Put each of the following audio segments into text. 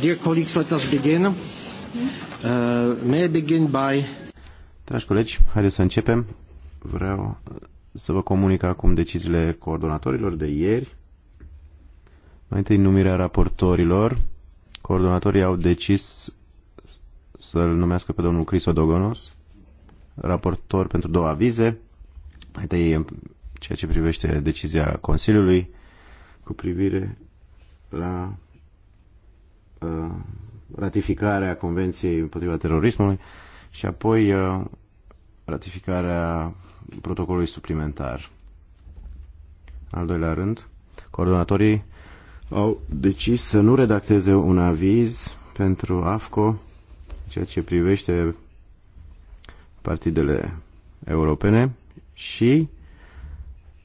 Dear colleagues, let us begin. Uh, may I begin by... Dragi colegi, haideți să începem. Vreau uh, să vă comunic acum deciziile coordonatorilor de ieri. Mai întâi numirea raportorilor. Coordonatorii au decis să-l numească pe domnul Odogonos, raportor pentru două avize, mai întâi ceea ce privește decizia Consiliului cu privire la uh, ratificarea Convenției împotriva terorismului și apoi uh, ratificarea protocolului suplimentar. Al doilea rând, coordonatorii au decis să nu redacteze un aviz pentru AFCO ceea ce privește partidele europene și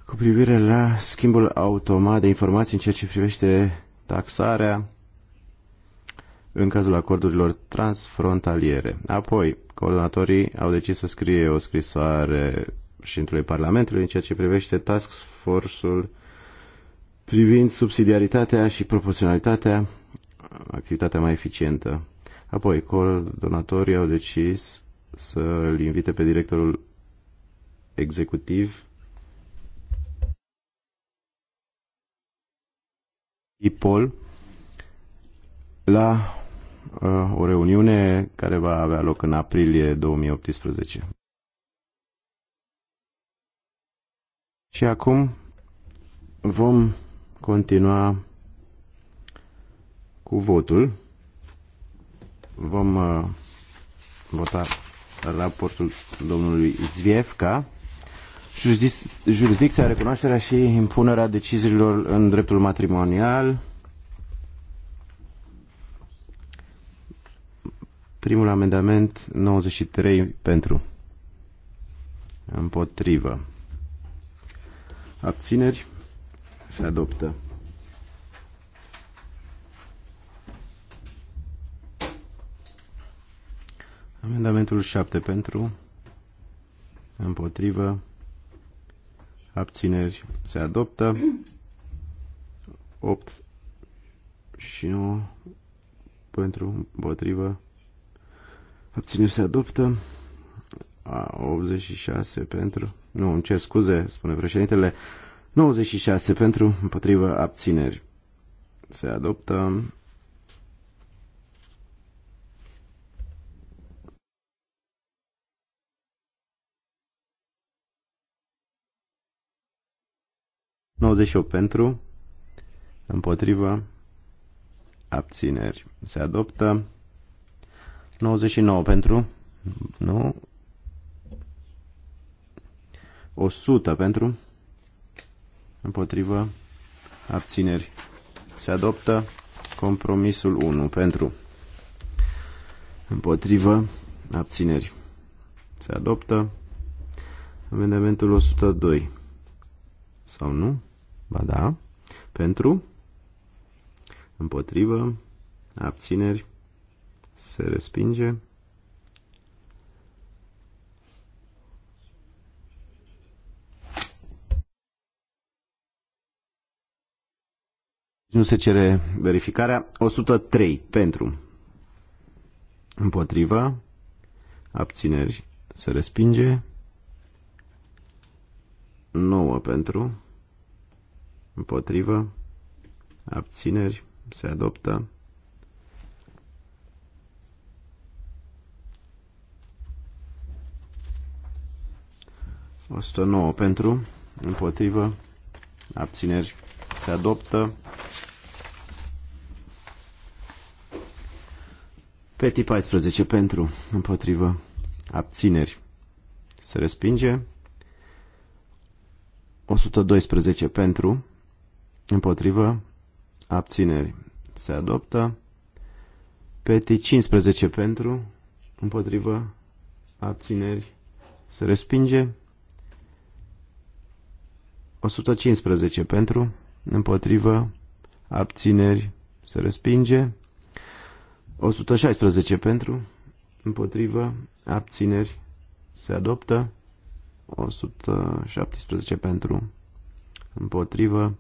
cu privire la schimbul automat de informații în ceea ce privește taxarea în cazul acordurilor transfrontaliere. Apoi, coordonatorii au decis să scrie o scrisoare președintului Parlamentului în ceea ce privește task force-ul privind subsidiaritatea și proporționalitatea, activitatea mai eficientă. Apoi, coordonatorii au decis să-l invite pe directorul executiv IPOL la uh, o reuniune care va avea loc în aprilie 2018. Și acum vom continua cu votul. Vom uh, vota raportul domnului Zviefka jurisdicția, recunoașterea și impunerea deciziilor în dreptul matrimonial. Primul amendament 93 pentru. Împotrivă. Abțineri. Se adoptă. Amendamentul 7 pentru. Împotrivă abțineri se adoptă, 8 și 9 pentru, împotrivă, abțineri se adoptă, a, 86 pentru, nu, îmi cer scuze, spune președintele, 96 pentru, împotrivă, abțineri se adoptă, 98 pentru, împotrivă, abțineri. Se adoptă 99 pentru, nu, 100 pentru, împotrivă, abțineri. Se adoptă compromisul 1 pentru, împotrivă, abțineri. Se adoptă amendamentul 102 sau nu? Ba da. Pentru. Împotrivă. Abțineri. Se respinge. Nu se cere verificarea. 103 pentru. Împotriva. Abțineri. Se respinge. 9 pentru împotrivă, abțineri, se adoptă. Osta nouă pentru, împotrivă, abțineri, se adoptă. Peti 14 pentru, împotrivă, abțineri, se respinge. 112 pentru, împotrivă, abțineri se adoptă. Peti 15 pentru, împotrivă, abțineri se respinge. 115 pentru, împotrivă, abțineri se respinge. 116 pentru, împotrivă, abțineri se adoptă. 117 pentru, împotrivă,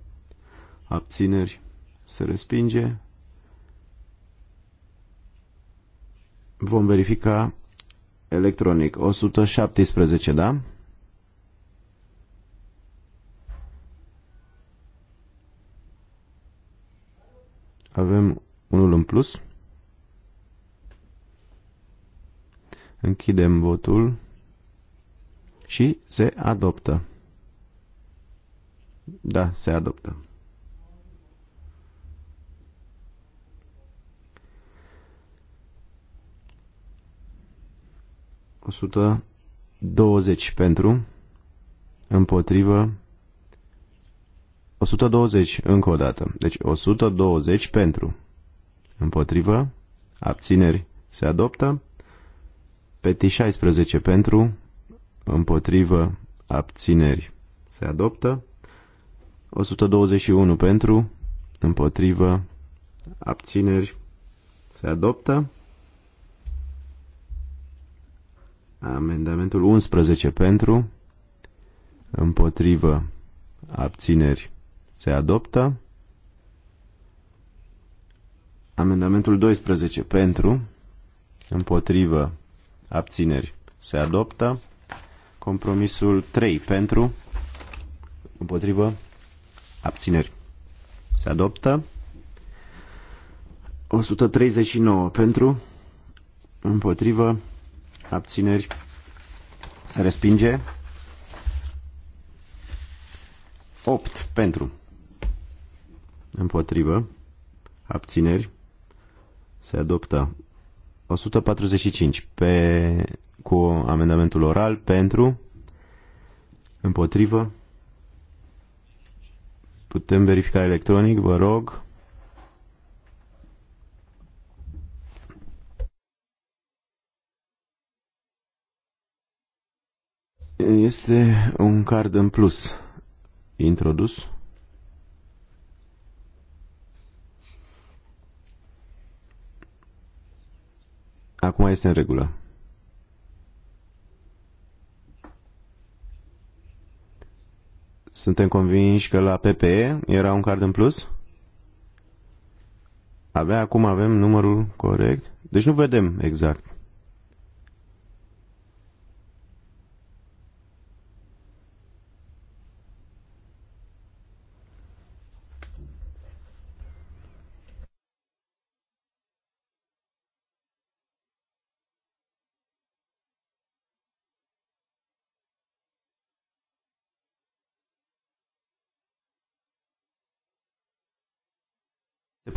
abțineri, se respinge. Vom verifica electronic. 117, da? Avem unul în plus. Închidem votul și se adoptă. Da, se adoptă. 120 pentru, împotrivă, 120 încă o dată. Deci 120 pentru, împotrivă, abțineri se adoptă, peti 16 pentru, împotrivă, abțineri se adoptă, 121 pentru, împotrivă, abțineri se adoptă, Amendamentul 11 pentru, împotrivă, abțineri, se adoptă. Amendamentul 12 pentru, împotrivă, abțineri, se adoptă. Compromisul 3 pentru, împotrivă, abțineri, se adoptă. 139 pentru, împotrivă, abțineri, se respinge. 8 pentru, împotrivă, abțineri, se adoptă. 145 pe, cu amendamentul oral pentru, împotrivă, putem verifica electronic, vă rog. Este un card în plus introdus. Acum este în regulă. Suntem convinși că la PPE era un card în plus? Avea acum avem numărul corect? Deci nu vedem exact.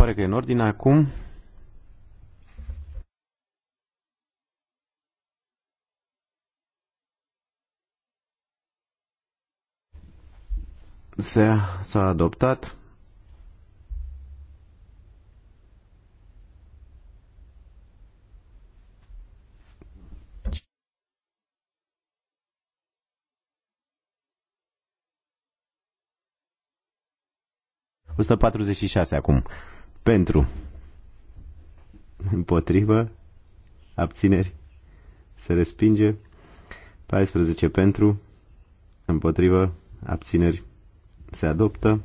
pare că e în ordine acum. s-a adoptat. Ăsta 46 acum pentru, împotrivă, abțineri, se respinge, 14 pentru, împotrivă, abțineri, se adoptă.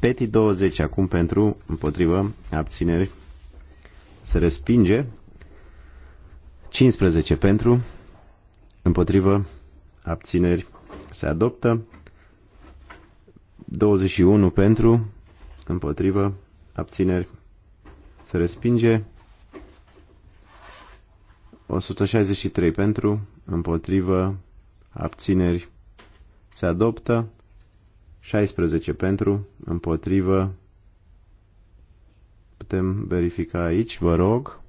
Peti 20 acum pentru, împotrivă, abțineri, se respinge. 15 pentru, împotrivă, abțineri, se adoptă. 21 pentru, împotrivă, abțineri, se respinge. 163 pentru, împotrivă, abțineri, se adoptă. 16 pentru, împotrivă, putem verifica aici, vă rog.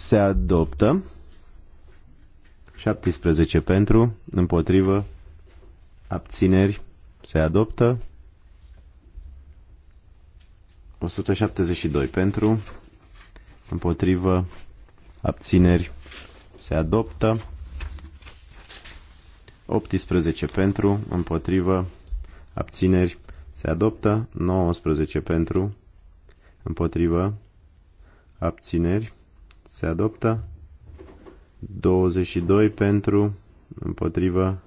se adoptă. 17 pentru, împotrivă, abțineri, se adoptă. 172 pentru, împotrivă, abțineri, se adoptă. 18 pentru, împotrivă, abțineri, se adoptă. 19 pentru, împotrivă, abțineri, se adoptă. 22 pentru, împotrivă,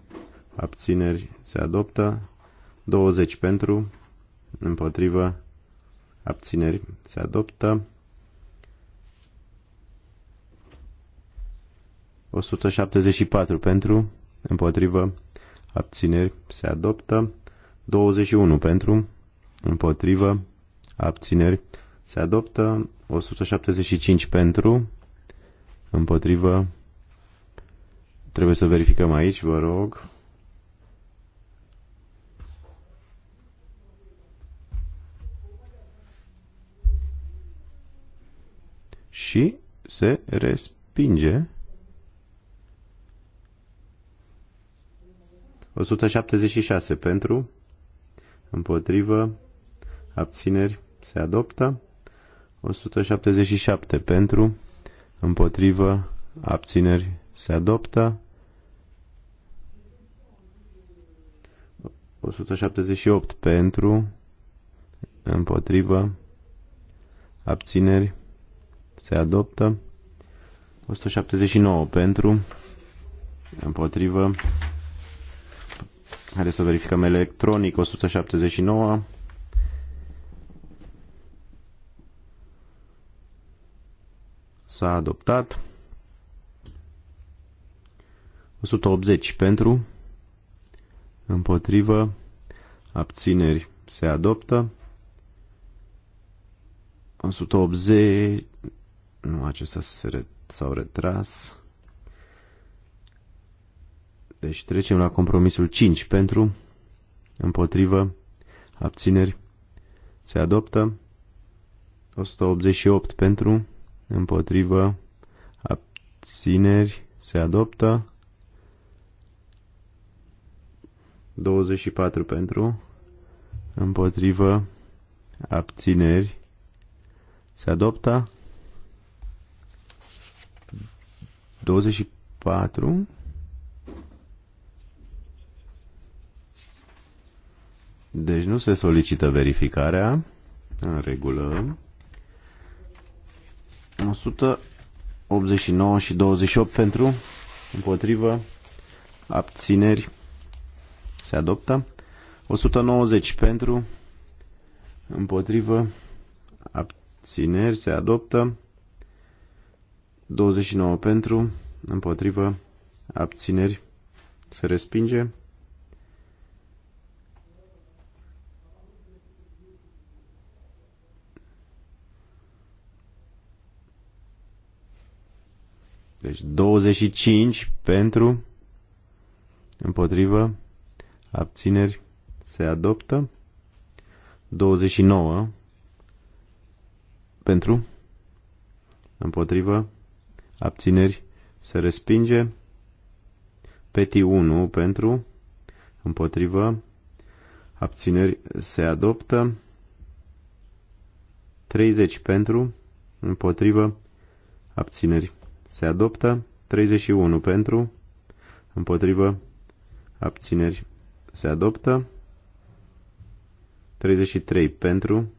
abțineri, se adoptă. 20 pentru, împotrivă, abțineri, se adoptă. 174 pentru, împotrivă, abțineri, se adoptă. 21 pentru, împotrivă, abțineri, se adoptă 175 pentru, împotrivă. Trebuie să verificăm aici, vă rog. Și se respinge 176 pentru, împotrivă, abțineri, se adoptă. 177 pentru, împotrivă, abțineri se adoptă. 178 pentru, împotrivă, abțineri se adoptă. 179 pentru, împotrivă. Haideți să verificăm electronic 179. S-a adoptat. 180 pentru, împotrivă, abțineri se adoptă. 180, nu, acesta s-au retras. Deci trecem la compromisul 5 pentru, împotrivă, abțineri se adoptă. 188 pentru, împotrivă, abțineri, se adoptă. 24 pentru, împotrivă, abțineri, se adoptă. 24 Deci nu se solicită verificarea. În regulă. 189 și 28 pentru, împotrivă, abțineri, se adoptă. 190 pentru, împotrivă, abțineri, se adoptă. 29 pentru, împotrivă, abțineri, se respinge. Deci 25 pentru, împotrivă, abțineri, se adoptă. 29 pentru, împotrivă, abțineri, se respinge. Peti 1 pentru, împotrivă, abțineri, se adoptă. 30 pentru, împotrivă, abțineri se adoptă. 31 pentru, împotrivă, abțineri, se adoptă. 33 pentru,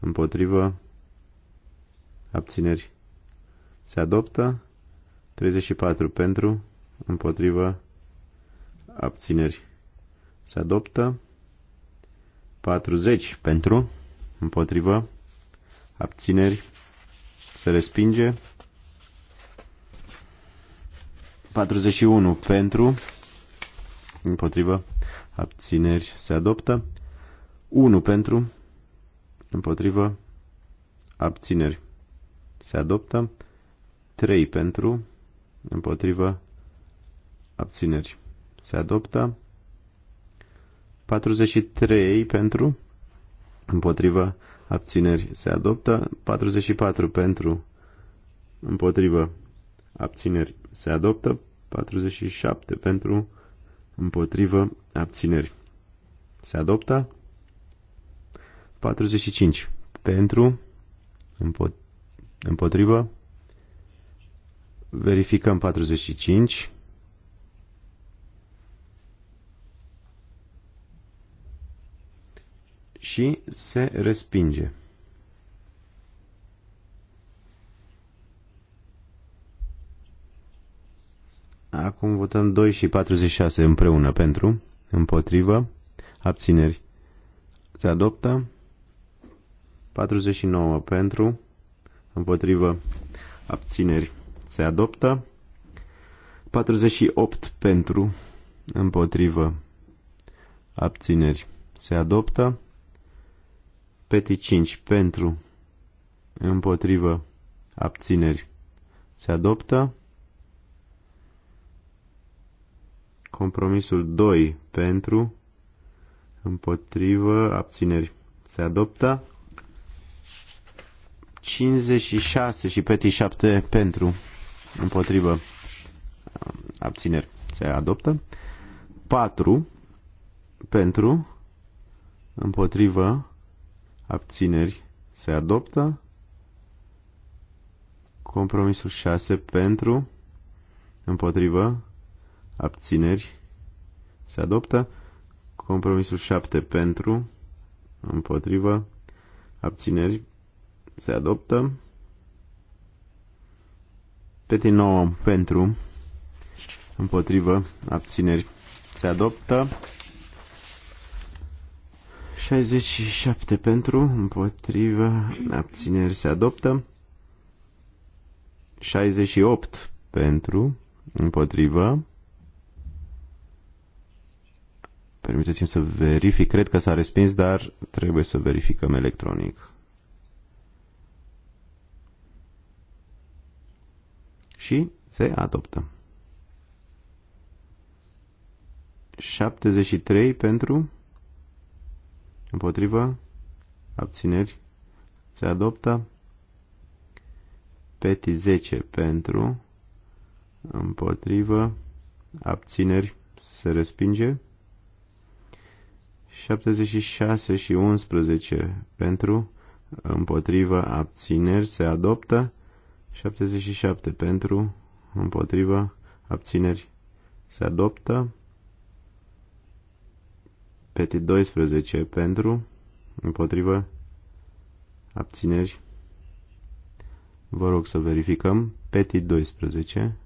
împotrivă, abțineri, se adoptă. 34 pentru, împotrivă, abțineri, se adoptă. 40 pentru, împotrivă, abțineri, se respinge. 41 pentru, împotrivă, abțineri se adoptă. 1 pentru, împotrivă, abțineri se adoptă. 3 pentru, împotrivă, abțineri se adoptă. 43 pentru, împotrivă, abțineri se adoptă. 44 pentru, împotrivă, abțineri se adoptă, 47 pentru, împotrivă, abțineri se adoptă, 45 pentru, împotrivă, verificăm 45, și se respinge. Acum votăm 2 și 46 împreună pentru, împotrivă, abțineri. Se adoptă 49 pentru, împotrivă, abțineri. Se adoptă 48 pentru, împotrivă, abțineri. Se adoptă peti 5 pentru, împotrivă, abțineri. Se adoptă Compromisul 2 pentru, împotrivă, abțineri se adoptă. 56 și peti 7 pentru, împotrivă, abțineri se adoptă. 4 pentru, împotrivă, abțineri se adoptă. Compromisul 6 pentru, împotrivă, abțineri, se adoptă. Compromisul 7 pentru, împotrivă, abțineri, se adoptă. Peti 9 pentru, împotrivă, abțineri, se adoptă. 67 pentru, împotrivă, abțineri se adoptă. 68 pentru, împotrivă, Permiteți-mi să verific. Cred că s-a respins, dar trebuie să verificăm electronic. Și se adoptă. 73 pentru, împotrivă, abțineri, se adoptă. Peti 10 pentru, împotrivă, abțineri, se respinge. 76 și 11 pentru, împotrivă, abțineri, se adoptă. 77 pentru, împotrivă, abțineri, se adoptă. peti 12 pentru, împotrivă, abțineri. Vă rog să verificăm. peti 12.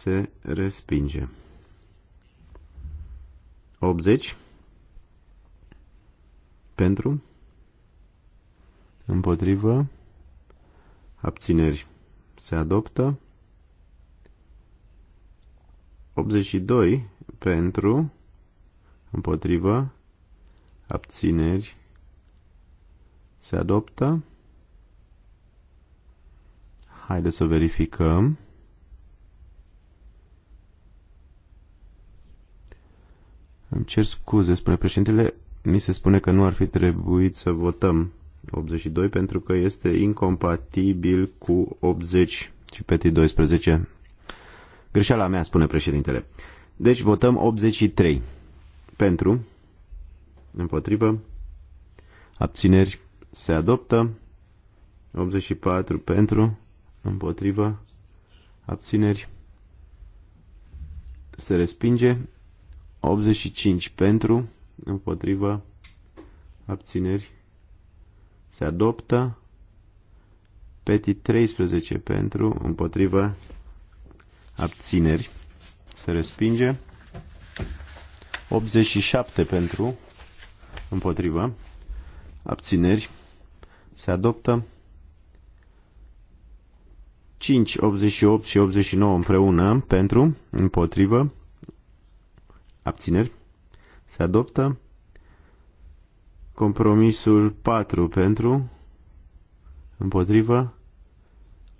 se respinge. 80 pentru, împotrivă, abțineri se adoptă. 82 pentru, împotrivă, abțineri se adoptă. Haideți să verificăm. Îmi cer scuze, spune președintele, mi se spune că nu ar fi trebuit să votăm 82 pentru că este incompatibil cu 80 și peti 12. Greșeala mea, spune președintele. Deci votăm 83 pentru, împotrivă, abțineri se adoptă, 84 pentru, împotrivă, abțineri se respinge, 85 pentru, împotriva, abțineri, se adoptă. Peti 13 pentru, împotriva, abțineri, se respinge. 87 pentru, împotriva, abțineri, se adoptă. 5, 88 și 89 împreună pentru, împotrivă, abțineri, se adoptă. Compromisul 4 pentru, împotrivă,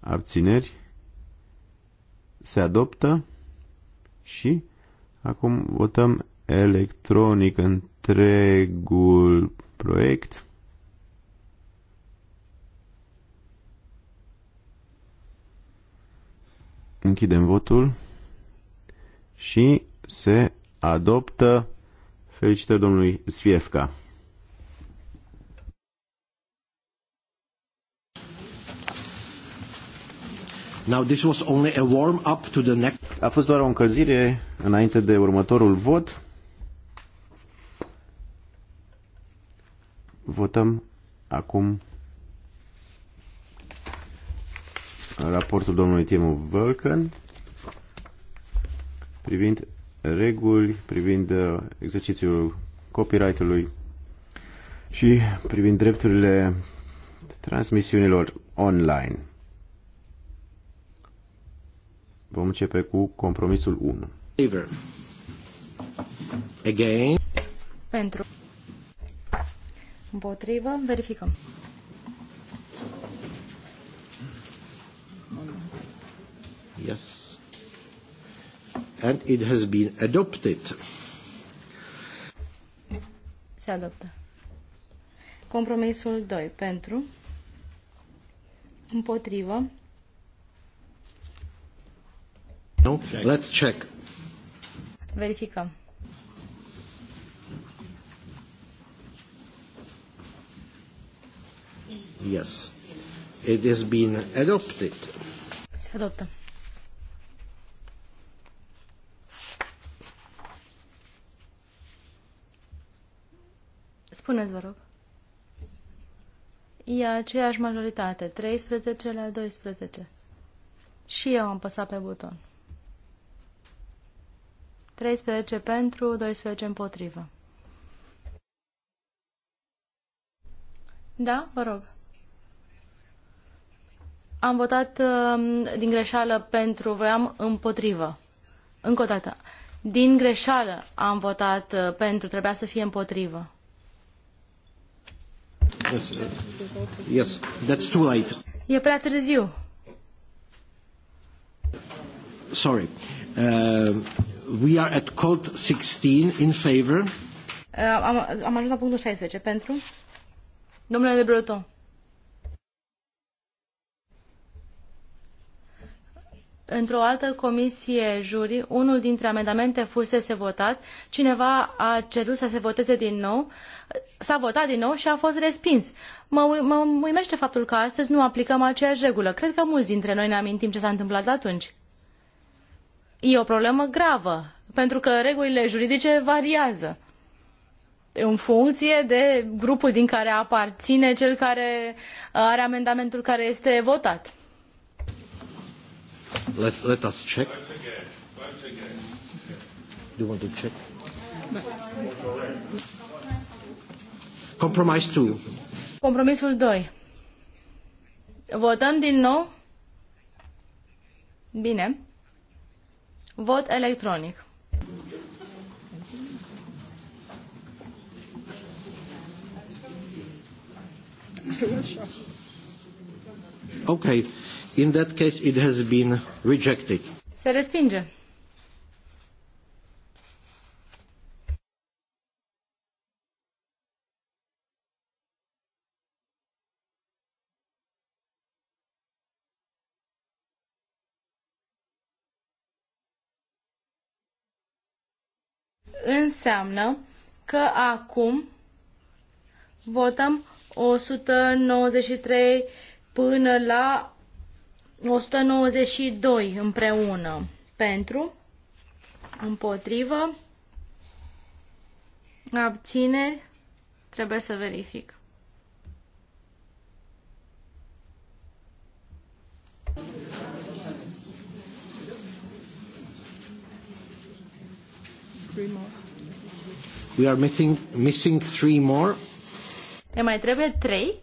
abțineri, se adoptă și acum votăm electronic întregul proiect. Închidem votul și se adoptă. Felicitări domnului Sfiefca. Now this was only a warm up to the next. A fost doar o încălzire înainte de următorul vot. Votăm acum raportul domnului Timu Vulcan privind reguli privind uh, exercițiul copyright-ului și privind drepturile transmisiunilor online. Vom începe cu compromisul 1. Favor. Again. Pentru. Împotrivă. Verificăm. Yes and it has been adopted. Se adoptă. Compromisul 2 pentru împotrivă. No, let's check. Verificăm. Yes. It has been adopted. Se adoptă. Spuneți, vă rog. E aceeași majoritate, 13 la 12. Și eu am păsat pe buton. 13 pentru, 12 împotrivă. Da, vă rog. Am votat um, din greșeală pentru, voiam împotrivă. Încă o dată. Din greșeală am votat uh, pentru, trebuia să fie împotrivă. Yes, uh, yes, that's too late. E prea târziu. Sorry. Uh, we are at code 16 in favor. Uh, am, am ajuns la punctul 16 pentru. Domnule de Breton. într-o altă comisie juri, unul dintre amendamente fusese votat, cineva a cerut să se voteze din nou, s-a votat din nou și a fost respins. Mă, mă uimește faptul că astăzi nu aplicăm aceeași regulă. Cred că mulți dintre noi ne amintim ce s-a întâmplat atunci. E o problemă gravă, pentru că regulile juridice variază în funcție de grupul din care aparține cel care are amendamentul care este votat. Let, let us check. again. again. Do you want to check? Compromise 2. Compromisul 2. Votăm din nou? Bine. Vot electronic. you. Ok, In that case it has been rejected. Se respinge. Înseamnă că acum votăm 193 până la 192 împreună. Pentru, împotrivă, abțineri, trebuie să verific. We are missing, missing three more. Ne mai trebuie trei?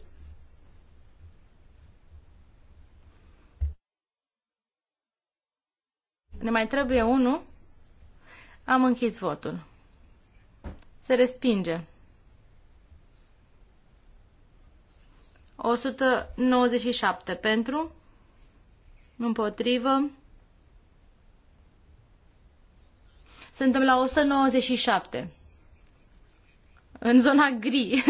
Ne mai trebuie unul. Am închis votul. Se respinge. 197 pentru, împotrivă. Suntem la 197. În zona gri.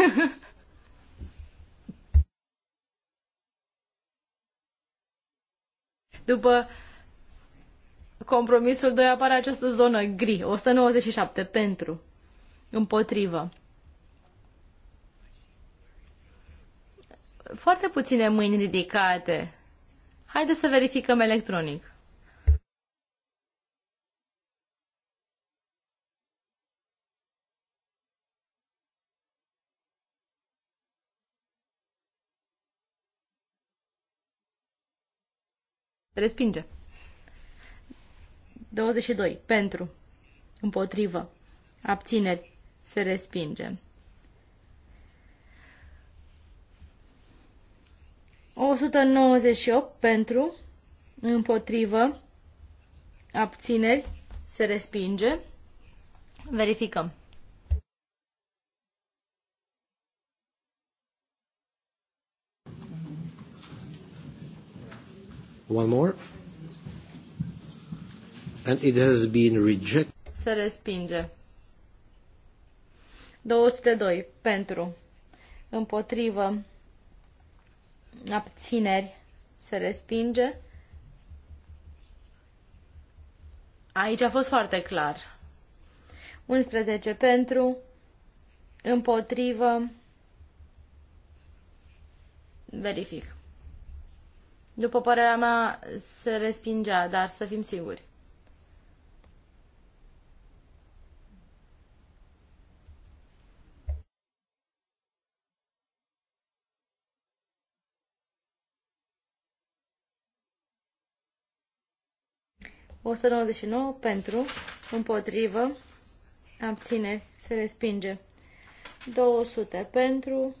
După compromisul 2 apare această zonă gri. 197 pentru. Împotrivă. Foarte puține mâini ridicate. Haideți să verificăm electronic. Respinge. 22. Pentru. Împotrivă. Abțineri. Se respinge. 198 pentru, împotrivă, abțineri, se respinge. Verificăm. One more and it has been rejected. Se respinge. 202 pentru, împotrivă, abțineri, se respinge. Aici a fost foarte clar. 11 pentru, împotrivă, verific. După părerea mea, se respingea, dar să fim siguri. 199 pentru, împotrivă, abțineri, se respinge. 200 pentru,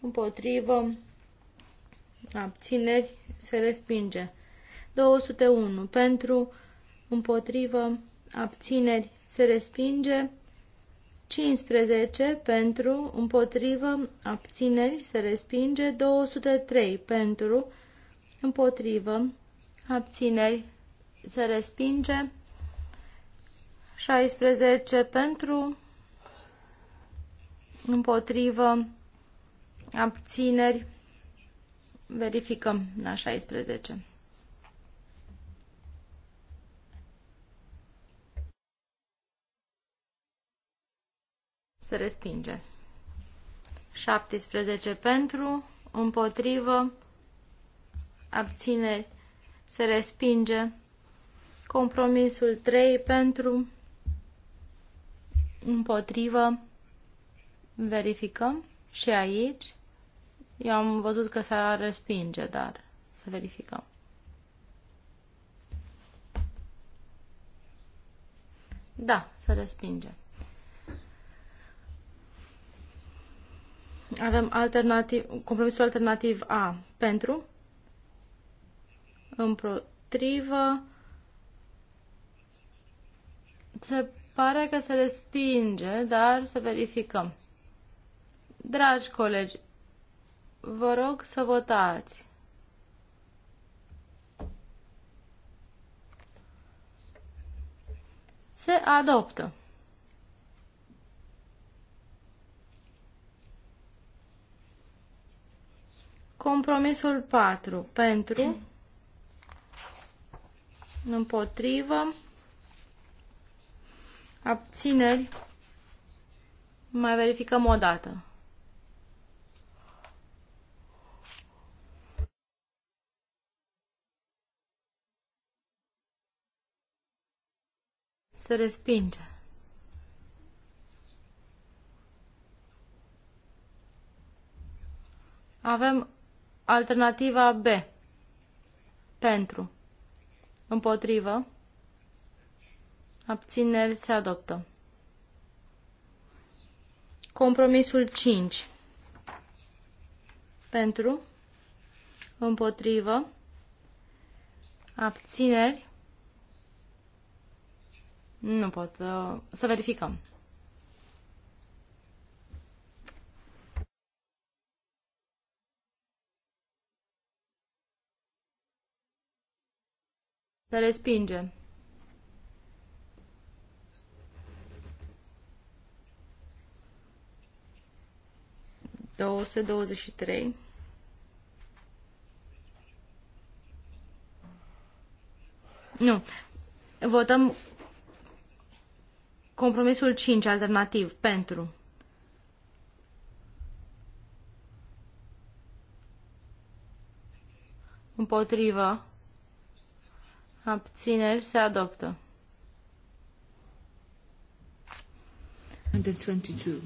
împotrivă, abțineri, se respinge. 201 pentru, împotrivă, abțineri, se respinge. 15 pentru, împotrivă, abțineri, se respinge. 203 pentru, împotrivă, abțineri, se respinge. 16 pentru, împotrivă, abțineri. Verificăm la 16. Se respinge. 17 pentru, împotrivă, abțineri, se respinge. Compromisul 3 pentru, împotrivă, verificăm și aici. Eu am văzut că s-a respinge, dar să verificăm. Da, să respinge. Avem alternativ, compromisul alternativ A pentru, împotrivă, se pare că se respinge, dar să verificăm. Dragi colegi, vă rog să votați. Se adoptă. Compromisul 4. Pentru. Împotrivă. Abțineri. Mai verificăm o dată. Se respinge. Avem alternativa B. Pentru. Împotrivă abțineri, se adoptă. Compromisul 5. Pentru, împotrivă, abțineri, nu pot uh, să verificăm. Să respinge. 223. Nu. Votăm compromisul 5, alternativ, pentru. Împotrivă. Abțineri se adoptă. 122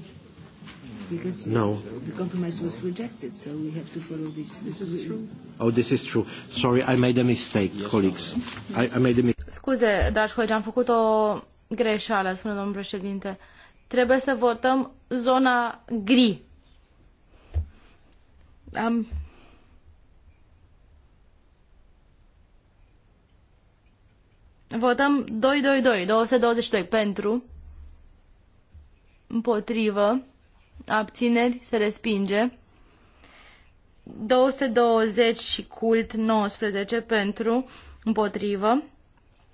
because no. the compromise was rejected, so we have to follow this. This is true. Oh, this is true. Sorry, I made a mistake, yes, colleagues. I, I made a mistake. Scuze, dragi colegi, am făcut o greșeală, spune domnul președinte. Trebuie să votăm zona gri. Am Votăm 222, 222 pentru, împotrivă, abțineri, se respinge. 220 și cult 19 pentru, împotrivă,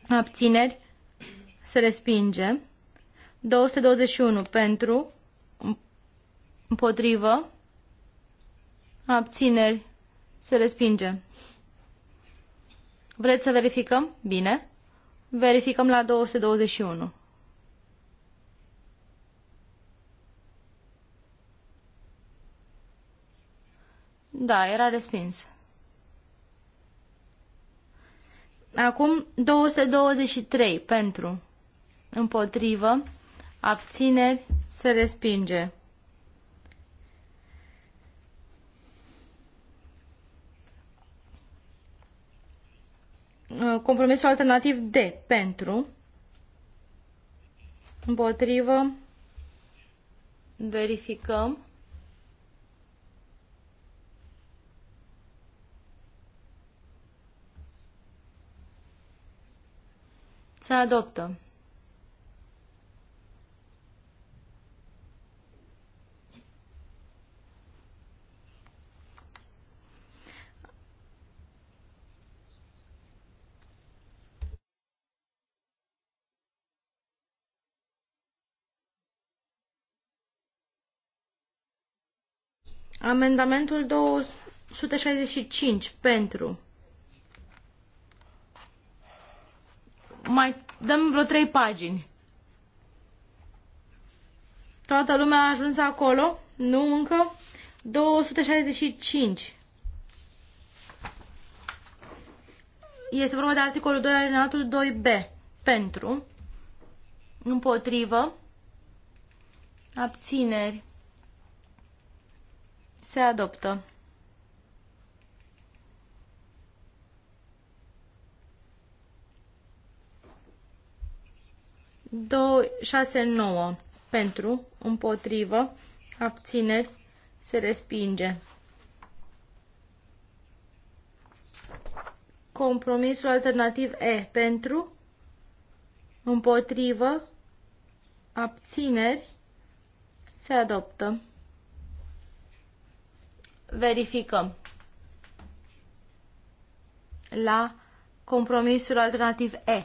abțineri, se respinge. 221 pentru, împotrivă, abțineri, se respinge. Vreți să verificăm? Bine. Verificăm la 221. Da, era respins. Acum 223 pentru, împotrivă, abțineri, se respinge. Compromisul alternativ D, pentru, împotrivă, verificăm. Se adoptă. Amendamentul 265 pentru mai dăm vreo trei pagini. Toată lumea a ajuns acolo? Nu încă? 265. Este vorba de articolul 2 alineatul 2b. Pentru. Împotrivă. Abțineri. Se adoptă. 269 pentru, împotrivă, abțineri, se respinge. Compromisul alternativ E pentru, împotrivă, abțineri, se adoptă. Verificăm. La compromisul alternativ E.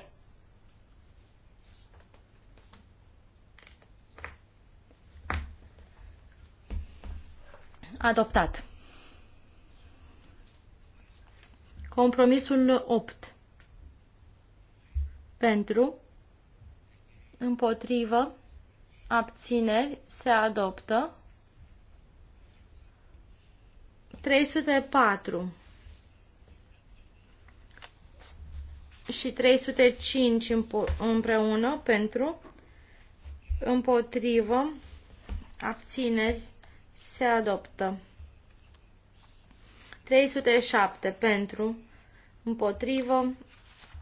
Adoptat. Compromisul 8. Pentru, împotrivă, abțineri, se adoptă. 304 și 305 împreună pentru, împotrivă, abțineri, se adoptă. 307 pentru, împotrivă,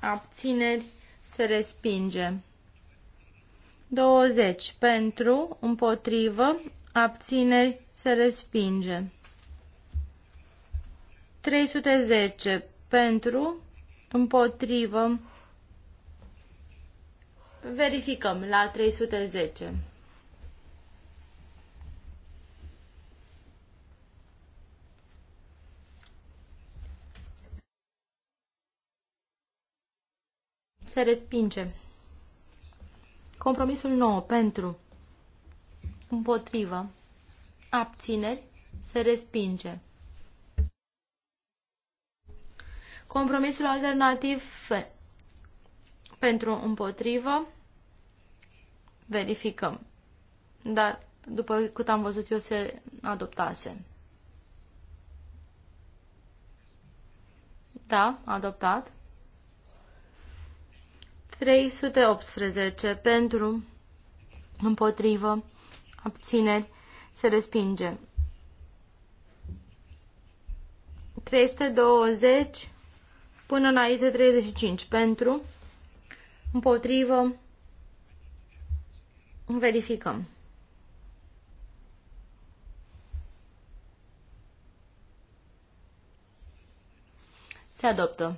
abțineri, se respinge. 20 pentru, împotrivă, abțineri, se respinge. 310 pentru, împotrivă, verificăm la 310. se respinge. Compromisul 9 pentru împotrivă abțineri se respinge. Compromisul alternativ pentru împotrivă verificăm. Dar după cât am văzut eu se adoptase. Da, adoptat. 318 pentru, împotrivă, abțineri, se respinge. 320 până înainte 35 pentru, împotrivă, verificăm. Se adoptă.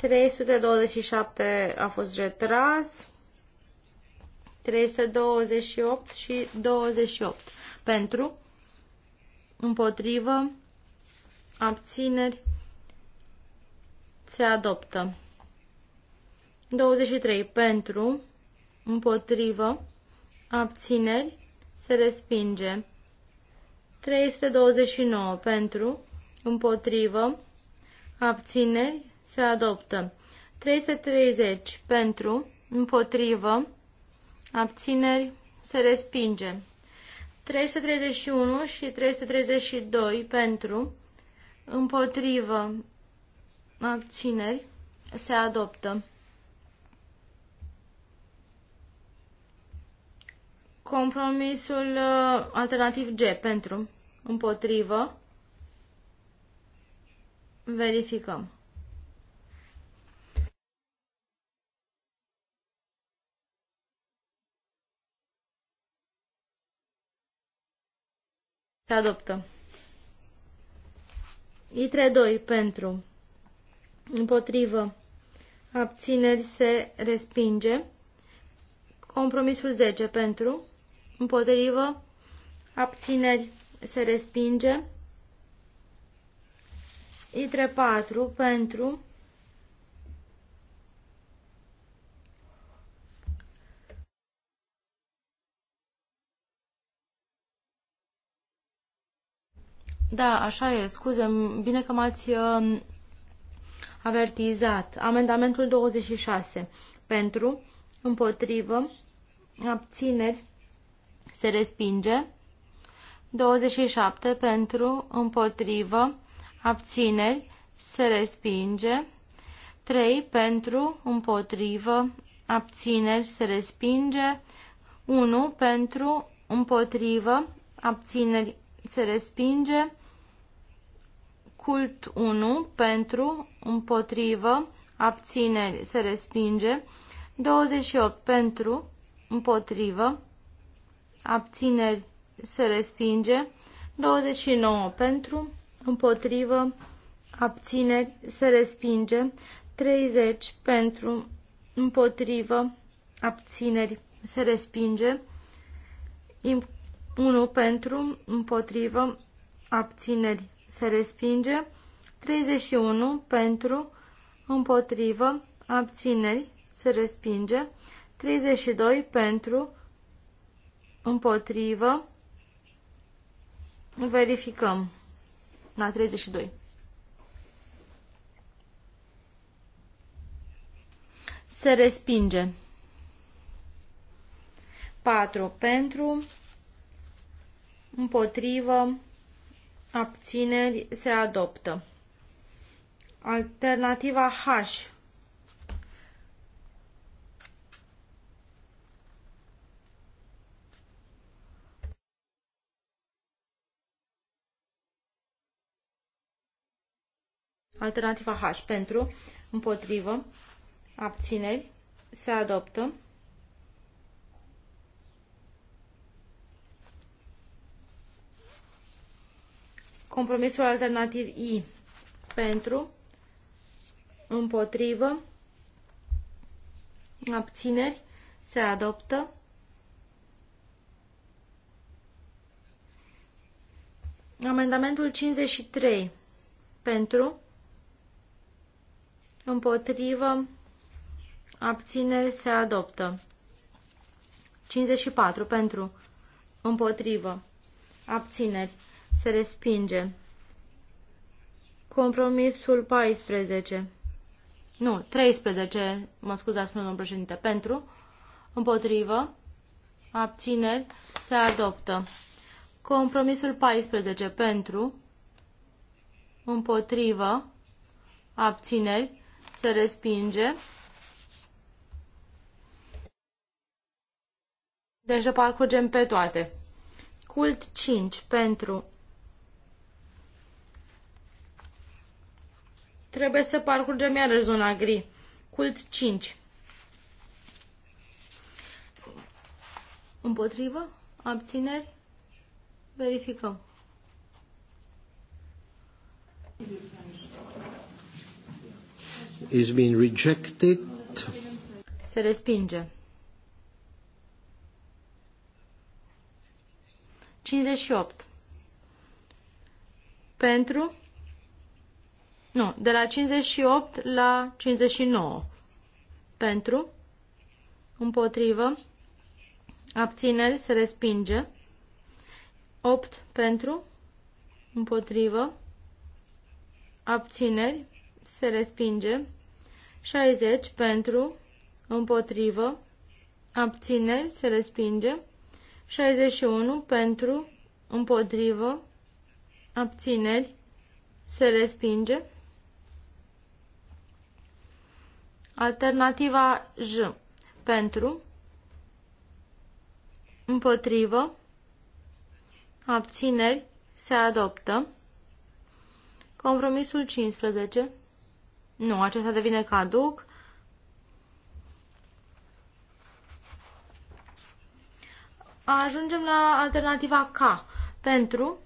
327 a fost retras. 328 și 28. Pentru, împotrivă, abțineri, se adoptă. 23. Pentru, împotrivă, abțineri, se respinge. 329. Pentru, împotrivă, abțineri, se adoptă. 330 pentru, împotrivă, abțineri, se respinge. 331 și 332 pentru, împotrivă, abțineri, se adoptă. Compromisul uh, alternativ G pentru, împotrivă, verificăm. Se adoptă. i 3 2 pentru. Împotrivă. Abțineri se respinge. Compromisul 10 pentru. Împotrivă. Abțineri se respinge. i 3 4 pentru. Da, așa e, scuze, bine că m-ați uh, avertizat. Amendamentul 26. Pentru, împotrivă, abțineri, se respinge. 27. Pentru, împotrivă, abțineri, se respinge. 3. Pentru, împotrivă, abțineri, se respinge. 1. Pentru, împotrivă, abțineri, se respinge. Cult 1 pentru, împotrivă, abțineri se respinge. 28 pentru, împotrivă, abțineri se respinge. 29 pentru, împotrivă, abțineri se respinge. 30 pentru, împotrivă, abțineri se respinge. 1 pentru, împotrivă, abțineri se respinge. 31 pentru, împotrivă, abțineri, se respinge. 32 pentru, împotrivă, verificăm la 32. Se respinge. 4 pentru, împotrivă, abțineri, se adoptă. Alternativa H. Alternativa H pentru, împotrivă, abțineri, se adoptă. Compromisul alternativ I pentru, împotrivă, abțineri, se adoptă. Amendamentul 53 pentru, împotrivă, abțineri, se adoptă. 54 pentru, împotrivă, abțineri, se respinge. Compromisul 14. Nu, 13, mă scuzați, domnul președinte, pentru, împotrivă, abțineri, se adoptă. Compromisul 14, pentru, împotrivă, abțineri, se respinge. Deci parcurgem pe toate. Cult 5, pentru, Trebuie să parcurgem iarăși zona gri. Cult 5. Împotrivă? Abțineri? Verificăm. Is being rejected. Se respinge. 58. Pentru, nu, de la 58 la 59. Pentru, împotrivă, abțineri, se respinge. 8 pentru, împotrivă, abțineri, se respinge. 60 pentru, împotrivă, abțineri, se respinge. 61 pentru, împotrivă, abțineri, se respinge. Alternativa J. Pentru. Împotrivă. Abțineri. Se adoptă. Compromisul 15. Nu, acesta devine caduc. Ajungem la alternativa K. Pentru,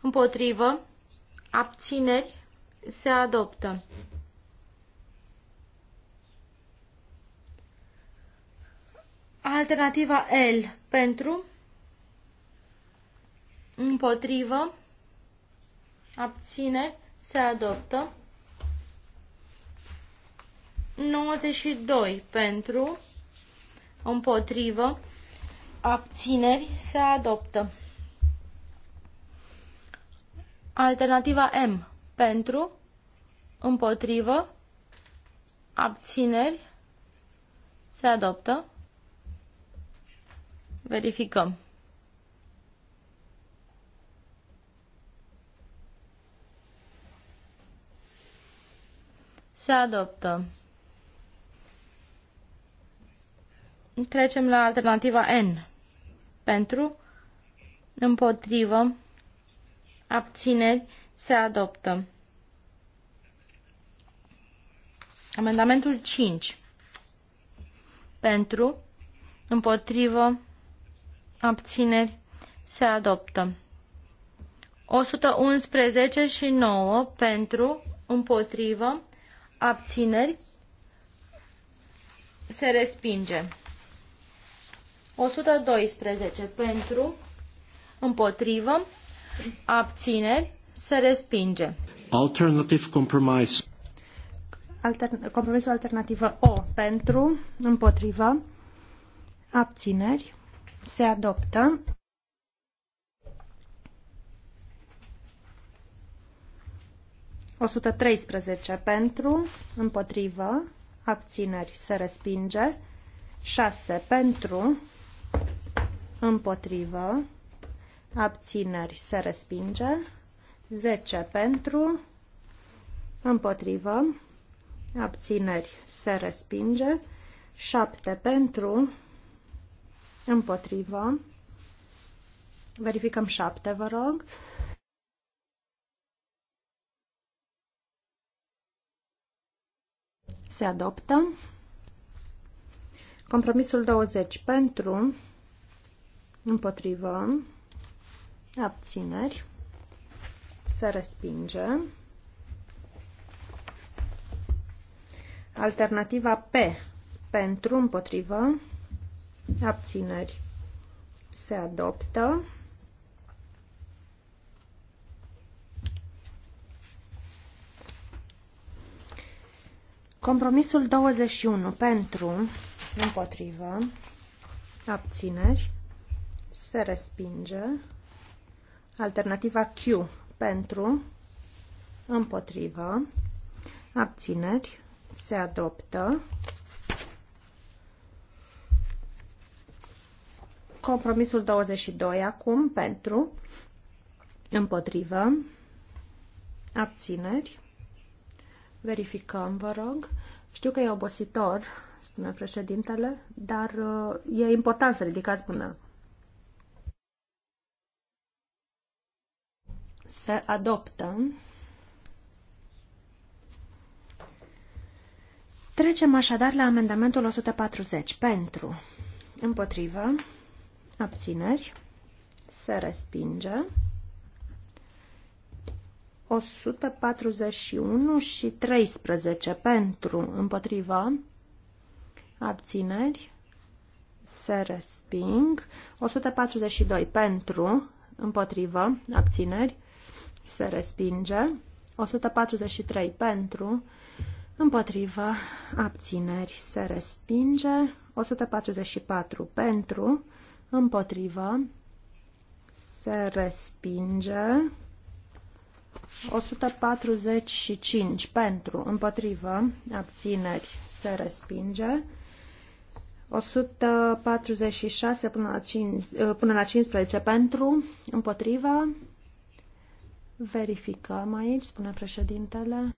împotrivă, abțineri, se adoptă. Alternativa L pentru, împotrivă, abține se adoptă. 92 pentru, împotrivă, abțineri, se adoptă. Alternativa M pentru, împotrivă, abțineri, se adoptă. Verificăm. Se adoptă. Trecem la alternativa N. Pentru, împotrivă, abțineri, se adoptă. Amendamentul 5. Pentru, împotrivă, abțineri, se adoptă. 111 și 9 pentru, împotrivă, abțineri, se respinge. 112 pentru, împotrivă, abțineri, se respinge. Alternative compromise. Alter, compromisul alternativă O pentru, împotrivă, abțineri, se adoptă. O 113 pentru, împotrivă, abțineri se respinge. 6 pentru, împotrivă, abțineri se respinge. 10 pentru, împotrivă, abțineri se respinge. 7 pentru, Împotrivă. Verificăm șapte, vă rog. Se adoptă. Compromisul 20 pentru, împotrivă, abțineri, se respinge. Alternativa P pentru, împotrivă, abțineri se adoptă. Compromisul 21 pentru, împotrivă, abțineri, se respinge. Alternativa Q pentru, împotrivă, abțineri, se adoptă. Compromisul 22 acum pentru, împotrivă, abțineri. Verificăm, vă rog. Știu că e obositor, spune președintele, dar uh, e important să ridicați mâna. Se adoptă. Trecem așadar la amendamentul 140. Pentru. Împotrivă abțineri, se respinge. 141 și 13 pentru, împotriva, abțineri, se resping. 142 pentru, împotriva, abțineri, se respinge. 143 pentru, împotriva, abțineri, se respinge. 144 pentru, împotrivă, se respinge. 145 pentru, împotrivă, abțineri, se respinge. 146 până la, 5, eh, până la 15 pentru, împotriva. Verificăm aici, spune președintele.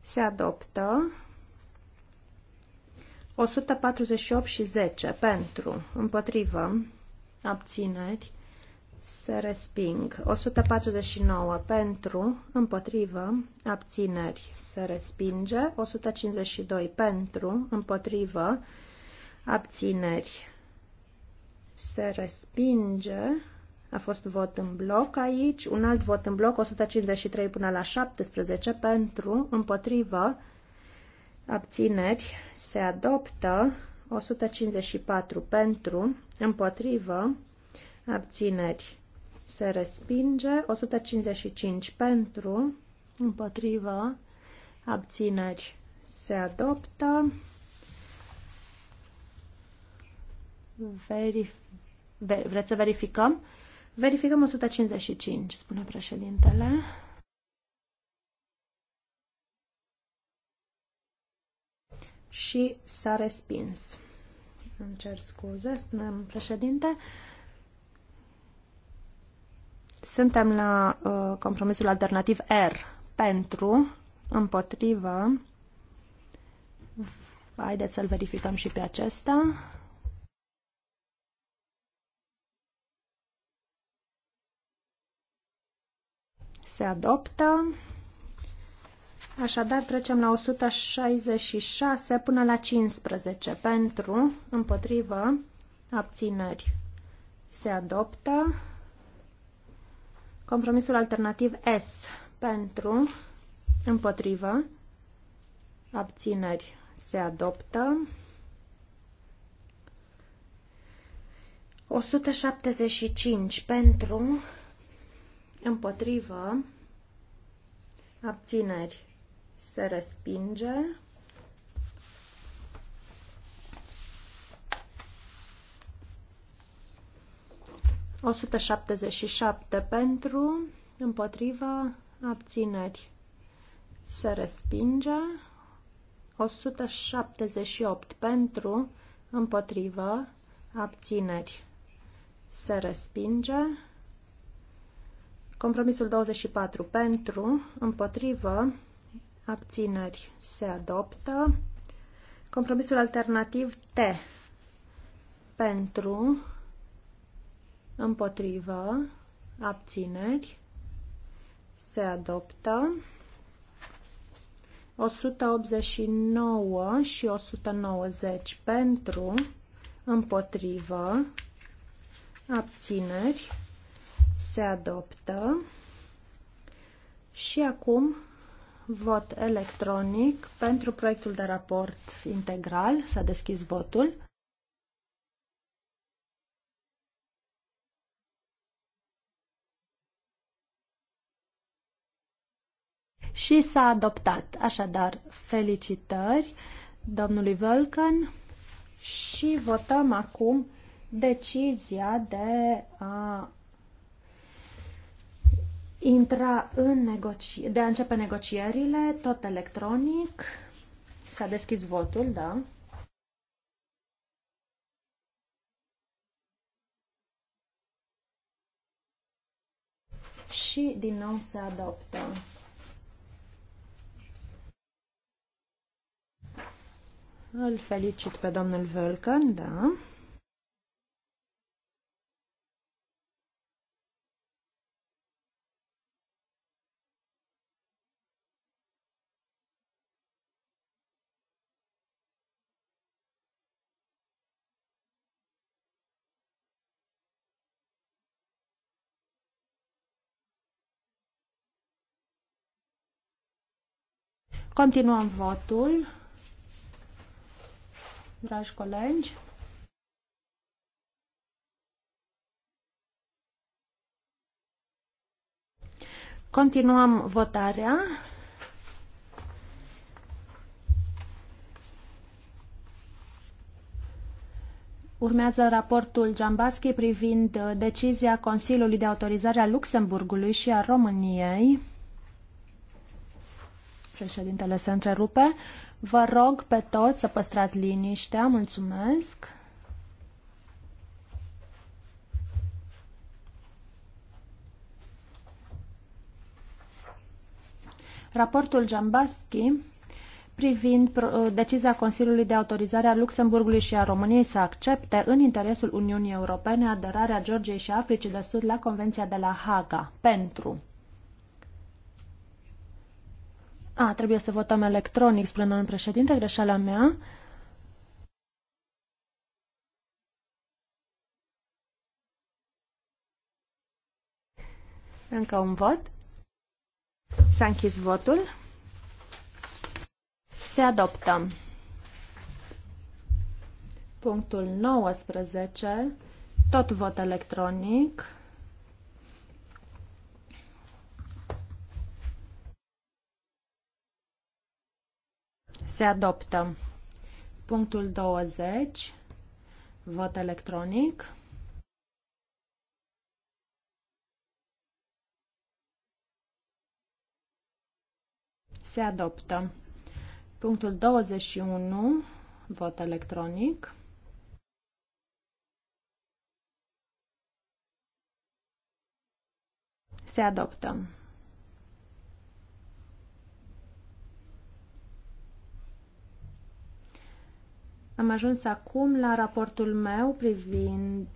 Se adoptă. 148 și 10 pentru, împotrivă, abțineri, se resping. 149 pentru, împotrivă, abțineri, se respinge. 152 pentru, împotrivă, abțineri, se respinge. A fost vot în bloc aici, un alt vot în bloc, 153 până la 17 pentru, împotrivă, abțineri, se adoptă 154 pentru, împotrivă, abțineri, se respinge 155 pentru, împotrivă, abțineri, se adoptă. Verif Vreți să verificăm? Verificăm 155, spune președintele. și s-a respins. Îmi cer scuze, spunem președinte. Suntem la uh, compromisul alternativ R pentru, împotrivă. Haideți să-l verificăm și pe acesta. Se adoptă. Așadar, trecem la 166 până la 15. Pentru, împotrivă, abțineri se adoptă. Compromisul alternativ S. Pentru, împotrivă, abțineri se adoptă. 175 pentru, împotrivă, abțineri se respinge. O 177 pentru, împotriva, abțineri, se respinge. 178 pentru, împotriva abțineri, se respinge. Compromisul 24 pentru, împotrivă, abțineri se adoptă. Compromisul alternativ T pentru, împotrivă, abțineri se adoptă. 189 și 190 pentru, împotrivă, abțineri, se adoptă. Și acum vot electronic pentru proiectul de raport integral. S-a deschis votul. Și s-a adoptat. Așadar, felicitări domnului Vulcan și votăm acum decizia de a intra în negoci... de a începe negocierile, tot electronic. S-a deschis votul, da. Și din nou se adoptă. Îl felicit pe domnul Völken, da. Continuăm votul. Dragi colegi. Continuăm votarea. Urmează raportul Giambaschi privind uh, decizia Consiliului de Autorizare a Luxemburgului și a României Președintele se întrerupe. Vă rog pe toți să păstrați liniștea. Mulțumesc. Raportul Jambaschi privind uh, decizia Consiliului de autorizare a Luxemburgului și a României să accepte în interesul Uniunii Europene aderarea Georgiei și Africii de Sud la Convenția de la Haga pentru a, trebuie să votăm electronic, spune domnul președinte, greșeala mea. Încă un vot. S-a închis votul. Se adoptă. Punctul 19. Tot vot electronic. Se adoptă. Punctul 20. Vot electronic. Se adoptă. Punctul 21. Vot electronic. Se adoptă. Am ajuns acum la raportul meu privind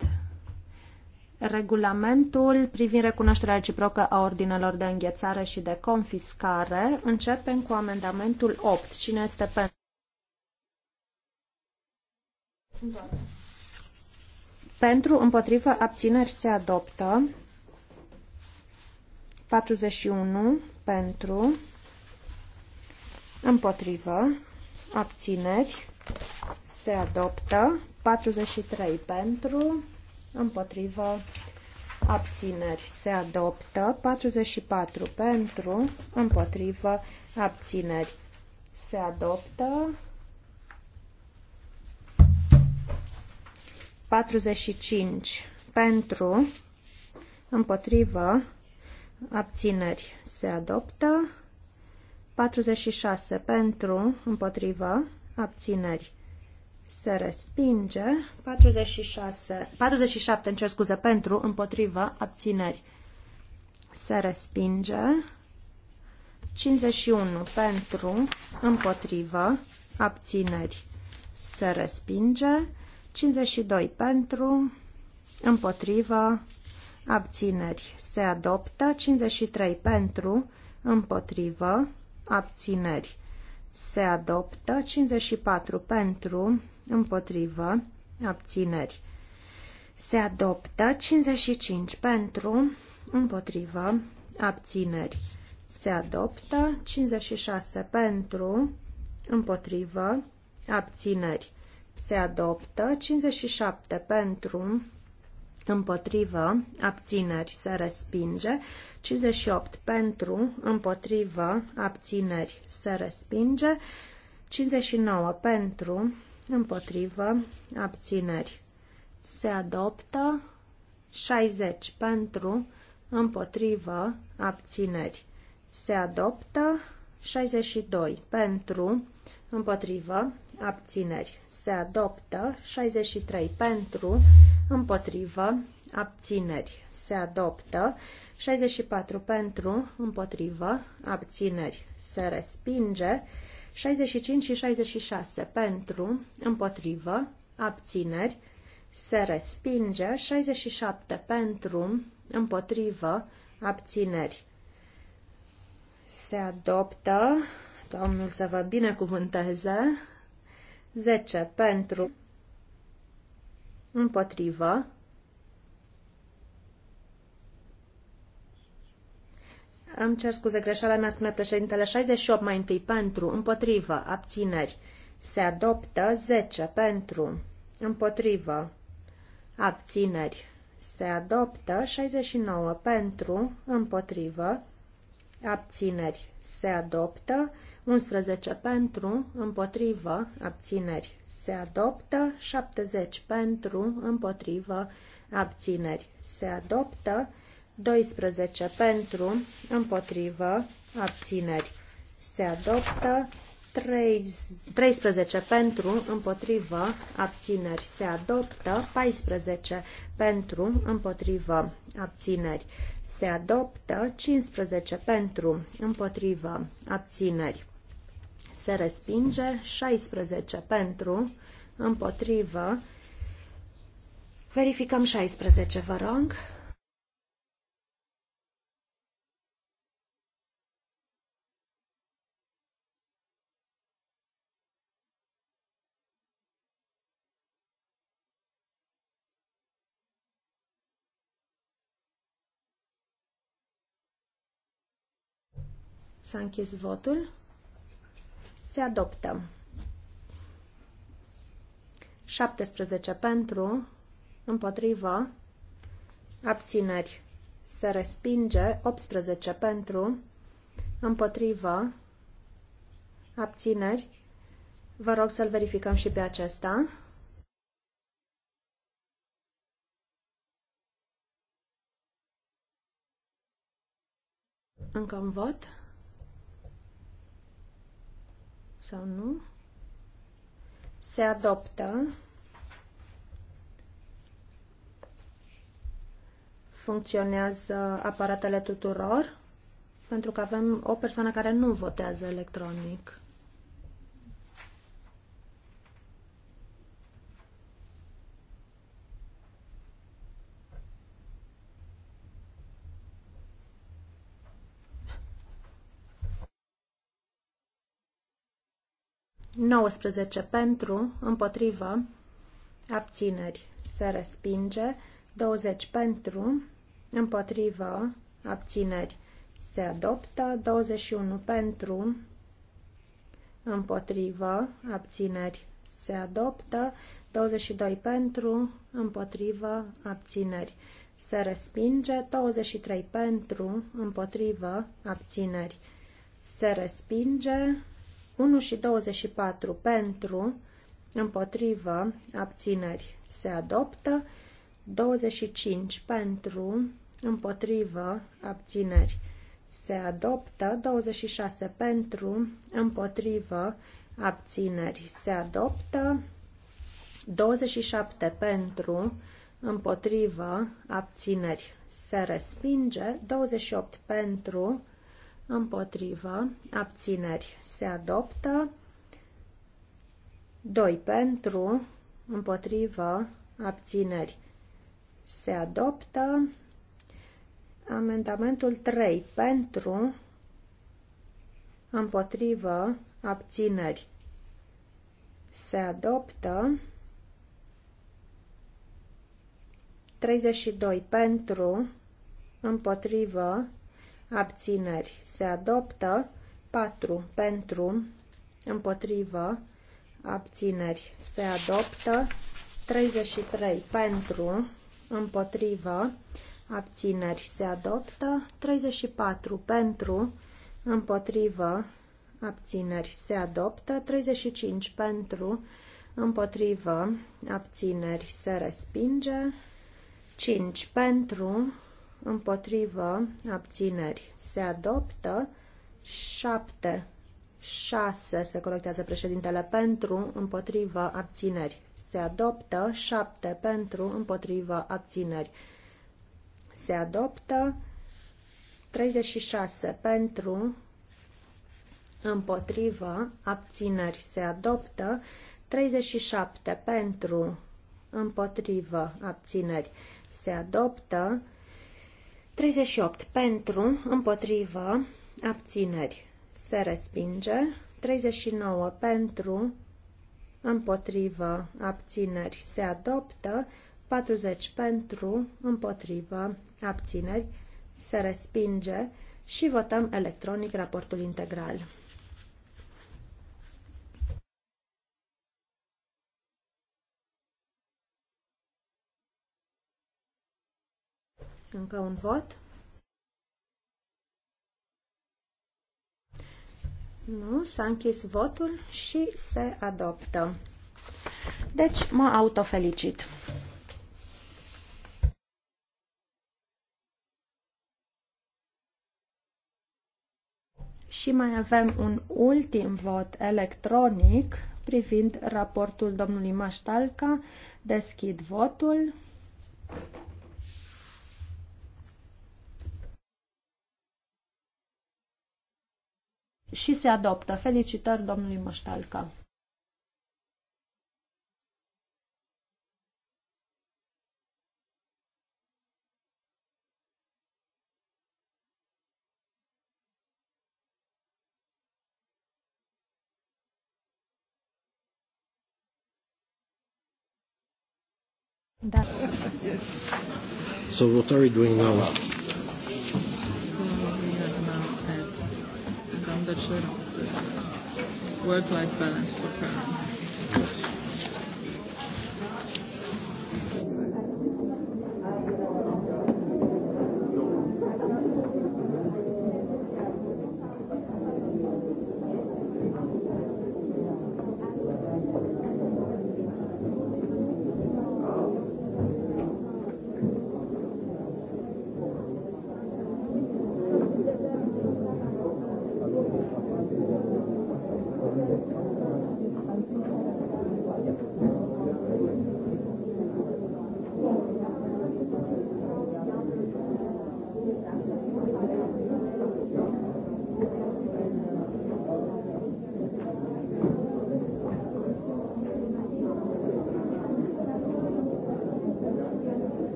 regulamentul privind recunoașterea reciprocă a ordinelor de înghețare și de confiscare. Începem cu amendamentul 8. Cine este pentru? Pentru, împotrivă, abțineri se adoptă. 41 pentru, împotrivă, abțineri se adoptă. 43 pentru, împotrivă, abțineri se adoptă. 44 pentru, împotrivă, abțineri se adoptă. 45 pentru, împotrivă, abțineri se adoptă. 46 pentru, împotrivă, abțineri se respinge, 46, 47 încerc scuze pentru, împotrivă, abțineri se respinge, 51 pentru, împotrivă, abțineri se respinge, 52 pentru, împotrivă, abțineri se adoptă, 53 pentru, împotrivă, abțineri se adoptă, 54 pentru, împotrivă, abțineri. Se adoptă, 55 pentru, împotrivă, abțineri. Se adoptă, 56 pentru, împotrivă, abțineri. Se adoptă, 57 pentru, împotrivă, abțineri se respinge, 58 pentru, împotrivă, abțineri se respinge, 59 pentru, împotrivă, abțineri se adoptă, 60 pentru, împotrivă, abțineri se adoptă, 62 pentru, împotrivă, abțineri se adoptă, 63 pentru, împotrivă, abțineri, se adoptă. 64 pentru, împotrivă, abțineri, se respinge. 65 și 66 pentru, împotrivă, abțineri, se respinge. 67 pentru, împotrivă, abțineri, se adoptă. Domnul să vă binecuvânteze. 10 pentru, împotrivă, Îmi cer scuze, greșeala mea spune președintele 68 mai întâi pentru, împotrivă, abțineri. Se adoptă 10 pentru, împotrivă, abțineri. Se adoptă 69 pentru, împotrivă, abțineri. Se adoptă 11 pentru, împotrivă, abțineri se adoptă, 70 pentru, împotrivă, abțineri se adoptă, 12 pentru, împotrivă, abțineri se adoptă, 13 pentru, împotrivă, abțineri se adoptă, 14 pentru, împotrivă, abțineri se adoptă, 15 pentru, împotrivă, abțineri se respinge, 16 pentru, împotrivă. Verificăm 16, vă rog. S-a închis votul se adoptă. 17 pentru, împotrivă, abțineri, se respinge, 18 pentru, împotrivă, abțineri, vă rog să-l verificăm și pe acesta. Încă un vot sau nu. Se adoptă funcționează aparatele tuturor, pentru că avem o persoană care nu votează electronic. 19 pentru, împotrivă, abțineri, se respinge. 20 pentru, împotrivă, abțineri, se adoptă. 21 pentru, împotrivă, abțineri, se adoptă. 22 pentru, împotrivă, abțineri, se respinge. 23 pentru, împotrivă, abțineri, se respinge. 1 și 24 pentru, împotrivă, abțineri se adoptă, 25 pentru, împotrivă, abțineri se adoptă, 26 pentru, împotrivă, abțineri se adoptă, 27 pentru, împotrivă, abțineri se respinge, 28 pentru, împotrivă, abțineri se adoptă, 2 pentru, împotrivă, abțineri se adoptă, amendamentul 3 pentru, împotrivă, abțineri se adoptă, 32 pentru, împotrivă, abțineri se adoptă, 4 pentru, împotrivă, abțineri se adoptă, 33 pentru, împotrivă, abțineri se adoptă, 34 pentru, împotrivă, abțineri se adoptă, 35 pentru, împotrivă, abțineri se respinge, 5 pentru, împotrivă, abțineri, se adoptă. 7. 6 se colectează președintele pentru, împotrivă, abțineri. Se adoptă 7 pentru, împotrivă, abțineri. Se adoptă 36 pentru, împotrivă, abțineri. Se adoptă 37 pentru, împotrivă, abțineri. Se adoptă 38 pentru, împotrivă, abțineri, se respinge. 39 pentru, împotrivă, abțineri, se adoptă. 40 pentru, împotrivă, abțineri, se respinge și votăm electronic raportul integral. Încă un vot? Nu, s-a închis votul și se adoptă. Deci mă autofelicit. Și mai avem un ultim vot electronic privind raportul domnului Maștalca. Deschid votul. și se adoptă. Felicitări domnului Măștalcă! Da. yes. So what are we doing now? good work-life balance for parents.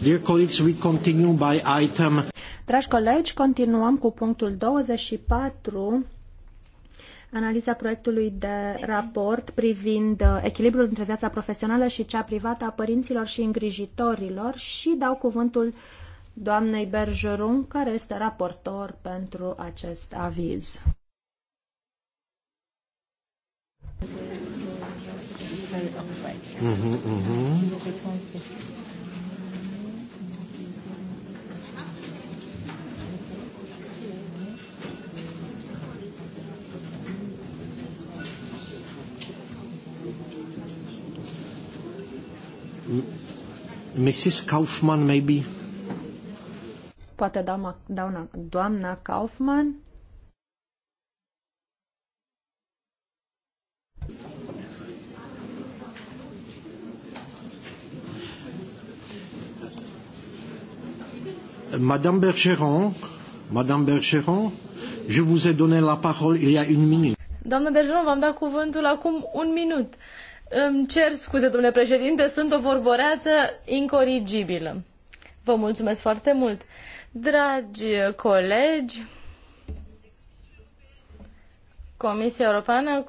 Dear colleagues, we continue by item. Dragi colegi, continuăm cu punctul 24, analiza proiectului de raport privind uh, echilibrul între viața profesională și cea privată a părinților și îngrijitorilor și dau cuvântul doamnei Bergeron, care este raportor pentru acest aviz. Mm-hmm, mm-hmm. Mrs. Kaufman, maybe? Poate doamna, doamna, doamna Kaufman? Madame Bergeron, Madame Bergeron, je vous ai donné la parole il y a une minute. Doamna Bergeron, v-am dat cuvântul acum un minut. Uh, îmi cer scuze, domnule președinte, sunt o vorboreață incorrigibilă. Vă mulțumesc foarte mult. Dragi colegi, Comisia Europeană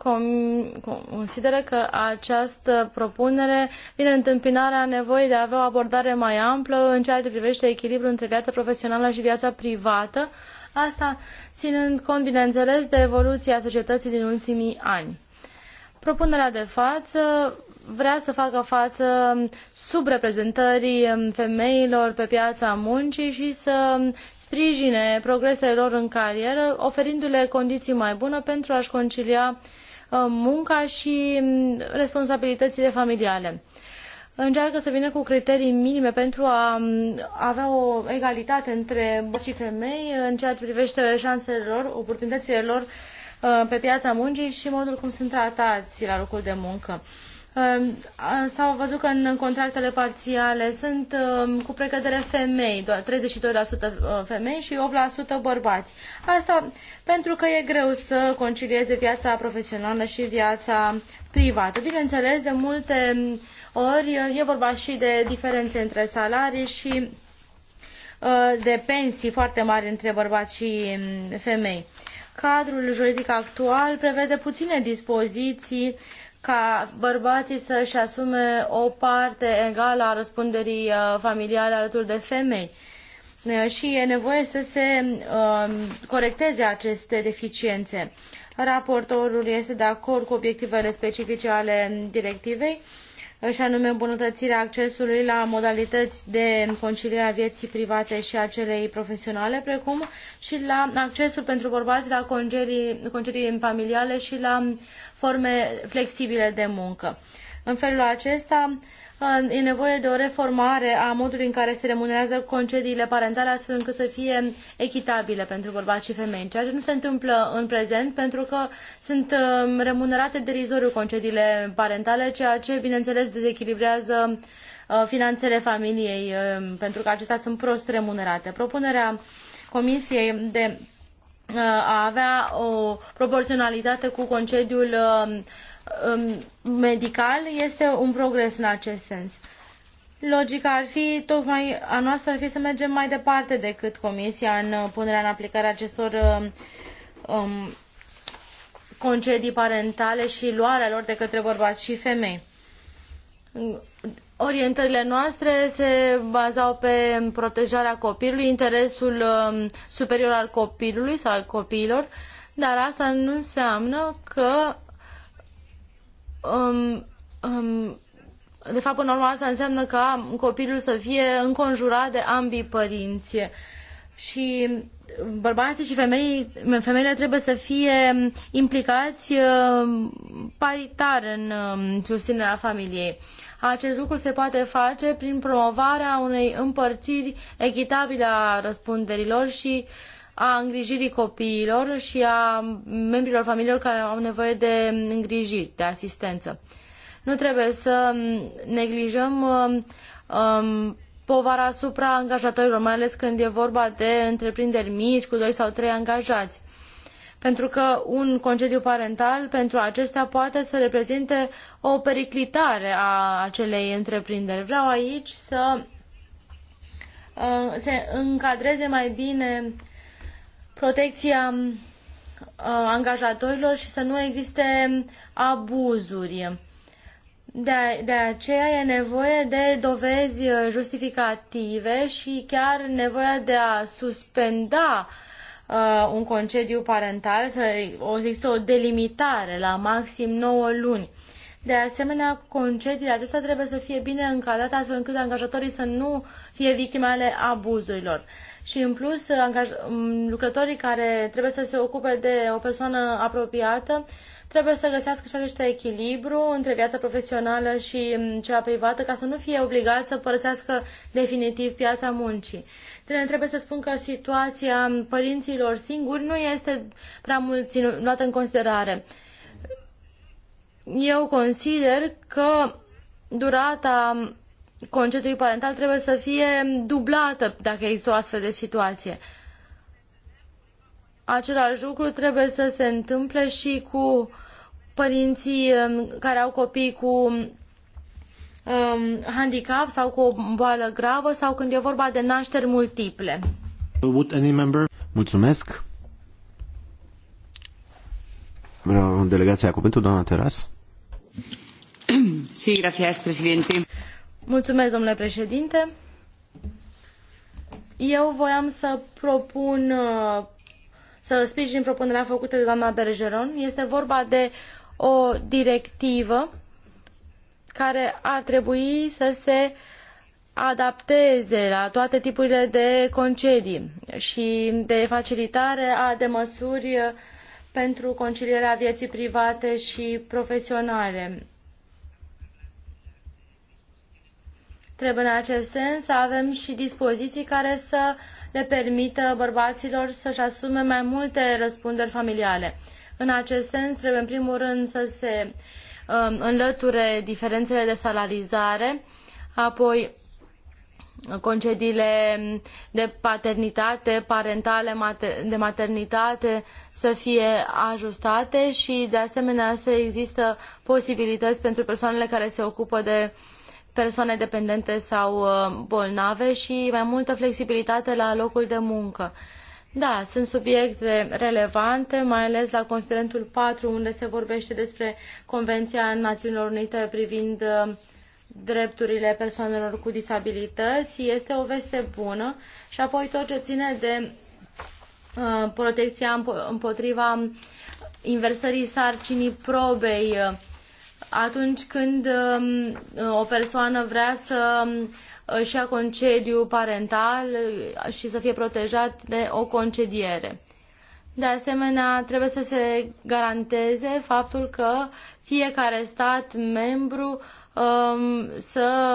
consideră că această propunere vine în întâmpinarea nevoii de a avea o abordare mai amplă în ceea ce privește echilibrul între viața profesională și viața privată, asta ținând cont, bineînțeles, de evoluția societății din ultimii ani. Propunerea de față vrea să facă față subreprezentării femeilor pe piața muncii și să sprijine progresele lor în carieră, oferindu-le condiții mai bune pentru a-și concilia uh, munca și um, responsabilitățile familiale. Încearcă să vină cu criterii minime pentru a um, avea o egalitate între bărbați și femei în ceea ce privește șansele lor, oportunitățile lor Uh, pe piața muncii și modul cum sunt tratați la locul de muncă. Uh, s-au văzut că în contractele parțiale sunt uh, cu precădere femei, doar 32% femei și 8% bărbați. Asta pentru că e greu să concilieze viața profesională și viața privată. Bineînțeles, de multe ori e vorba și de diferențe între salarii și de pensii foarte mari între bărbați și mm, femei. Cadrul juridic actual prevede puține dispoziții ca bărbații să-și asume o parte egală a răspunderii uh, familiale alături de femei. Uh, și e nevoie să se um, corecteze aceste deficiențe. Raportorul este de acord cu obiectivele specifice ale directivei și anume îmbunătățirea accesului la modalități de conciliere a vieții private și a celei profesionale, precum și la accesul pentru bărbați la concedii, familiale și la forme flexibile de muncă. În felul acesta, Uh, e nevoie de o reformare a modului în care se remunerează concediile parentale astfel încât să fie echitabile pentru bărbați și femei, ceea ce nu se întâmplă în prezent pentru că sunt um, remunerate derizoriu concediile parentale, ceea ce, bineînțeles, dezechilibrează uh, finanțele familiei um, pentru că acestea sunt prost remunerate. Propunerea Comisiei de uh, a avea o proporționalitate cu concediul um, Um, medical este un progres în acest sens. Logica ar fi, tocmai a noastră ar fi să mergem mai departe decât Comisia în uh, punerea în aplicare acestor um, um, concedii parentale și luarea lor de către bărbați și femei. Orientările noastre se bazau pe protejarea copilului, interesul um, superior al copilului sau al copiilor, dar asta nu înseamnă că um, um, de fapt, la urmă, asta înseamnă ca copilul să fie înconjurat de ambii părinți. Și bărbații și femeile, femeile trebuie să fie implicați uh, paritar în um, susținerea familiei. Acest lucru se poate face prin promovarea unei împărțiri echitabile a răspunderilor și uh, a îngrijirii copiilor și a membrilor familiilor care au nevoie de îngrijiri, de asistență. Nu trebuie să neglijăm um, um, povara asupra angajatorilor, mai ales când e vorba de întreprinderi mici cu doi sau trei angajați. Pentru că un concediu parental pentru acestea poate să reprezinte o periclitare a acelei întreprinderi. Vreau aici să uh, se încadreze mai bine protecția uh, angajatorilor și să nu existe abuzuri. De, de aceea e nevoie de dovezi justificative și chiar nevoia de a suspenda uh, un concediu parental, să există o delimitare la maxim 9 luni. De asemenea, concediile acestea trebuie să fie bine încadrate astfel încât angajatorii să nu fie victime ale abuzurilor. Uh, și în plus lucrătorii care trebuie să se ocupe de o persoană apropiată trebuie să găsească și acest echilibru între viața profesională și cea privată ca să nu fie obligat să părăsească definitiv piața muncii. Trebuie să spun că situația părinților singuri nu este prea mult luată în considerare. Eu consider că durata concediului parental trebuie să fie dublată dacă există o astfel de situație. Același lucru trebuie să se întâmple și cu părinții um, care au copii cu um, handicap sau cu o boală gravă sau când e vorba de nașteri multiple. Mulțumesc. Vreau în delegația cuvântul, doamna Teras. Sí, gracias, presidente domnule președinte. Eu voiam să propun, uh, să sprijin propunerea făcută de doamna Bergeron. Este vorba de o directivă care ar trebui să se adapteze la toate tipurile de concedii și de facilitare a de măsuri pentru concilierea vieții private și profesionale. Trebuie în acest sens să avem și dispoziții care să le permită bărbaților să-și asume mai multe răspunderi familiale. În acest sens, trebuie în primul rând să se uh, înlăture diferențele de salarizare, apoi concediile de paternitate, parentale, mater, de maternitate să fie ajustate și de asemenea să există posibilități pentru persoanele care se ocupă de uh, persoane dependente sau uh, bolnave și mai multă flexibilitate la locul de muncă. Da, sunt subiecte relevante, mai ales la considerentul 4, unde se vorbește despre Convenția Națiunilor Unite privind uh, drepturile persoanelor cu disabilități. Este o veste bună și apoi tot ce ține de uh, protecția împotriva inversării sarcinii probei atunci când um, o persoană vrea să um, își ia concediu parental uh, și să fie protejat de o concediere. De asemenea, trebuie să se garanteze faptul că fiecare stat membru um, să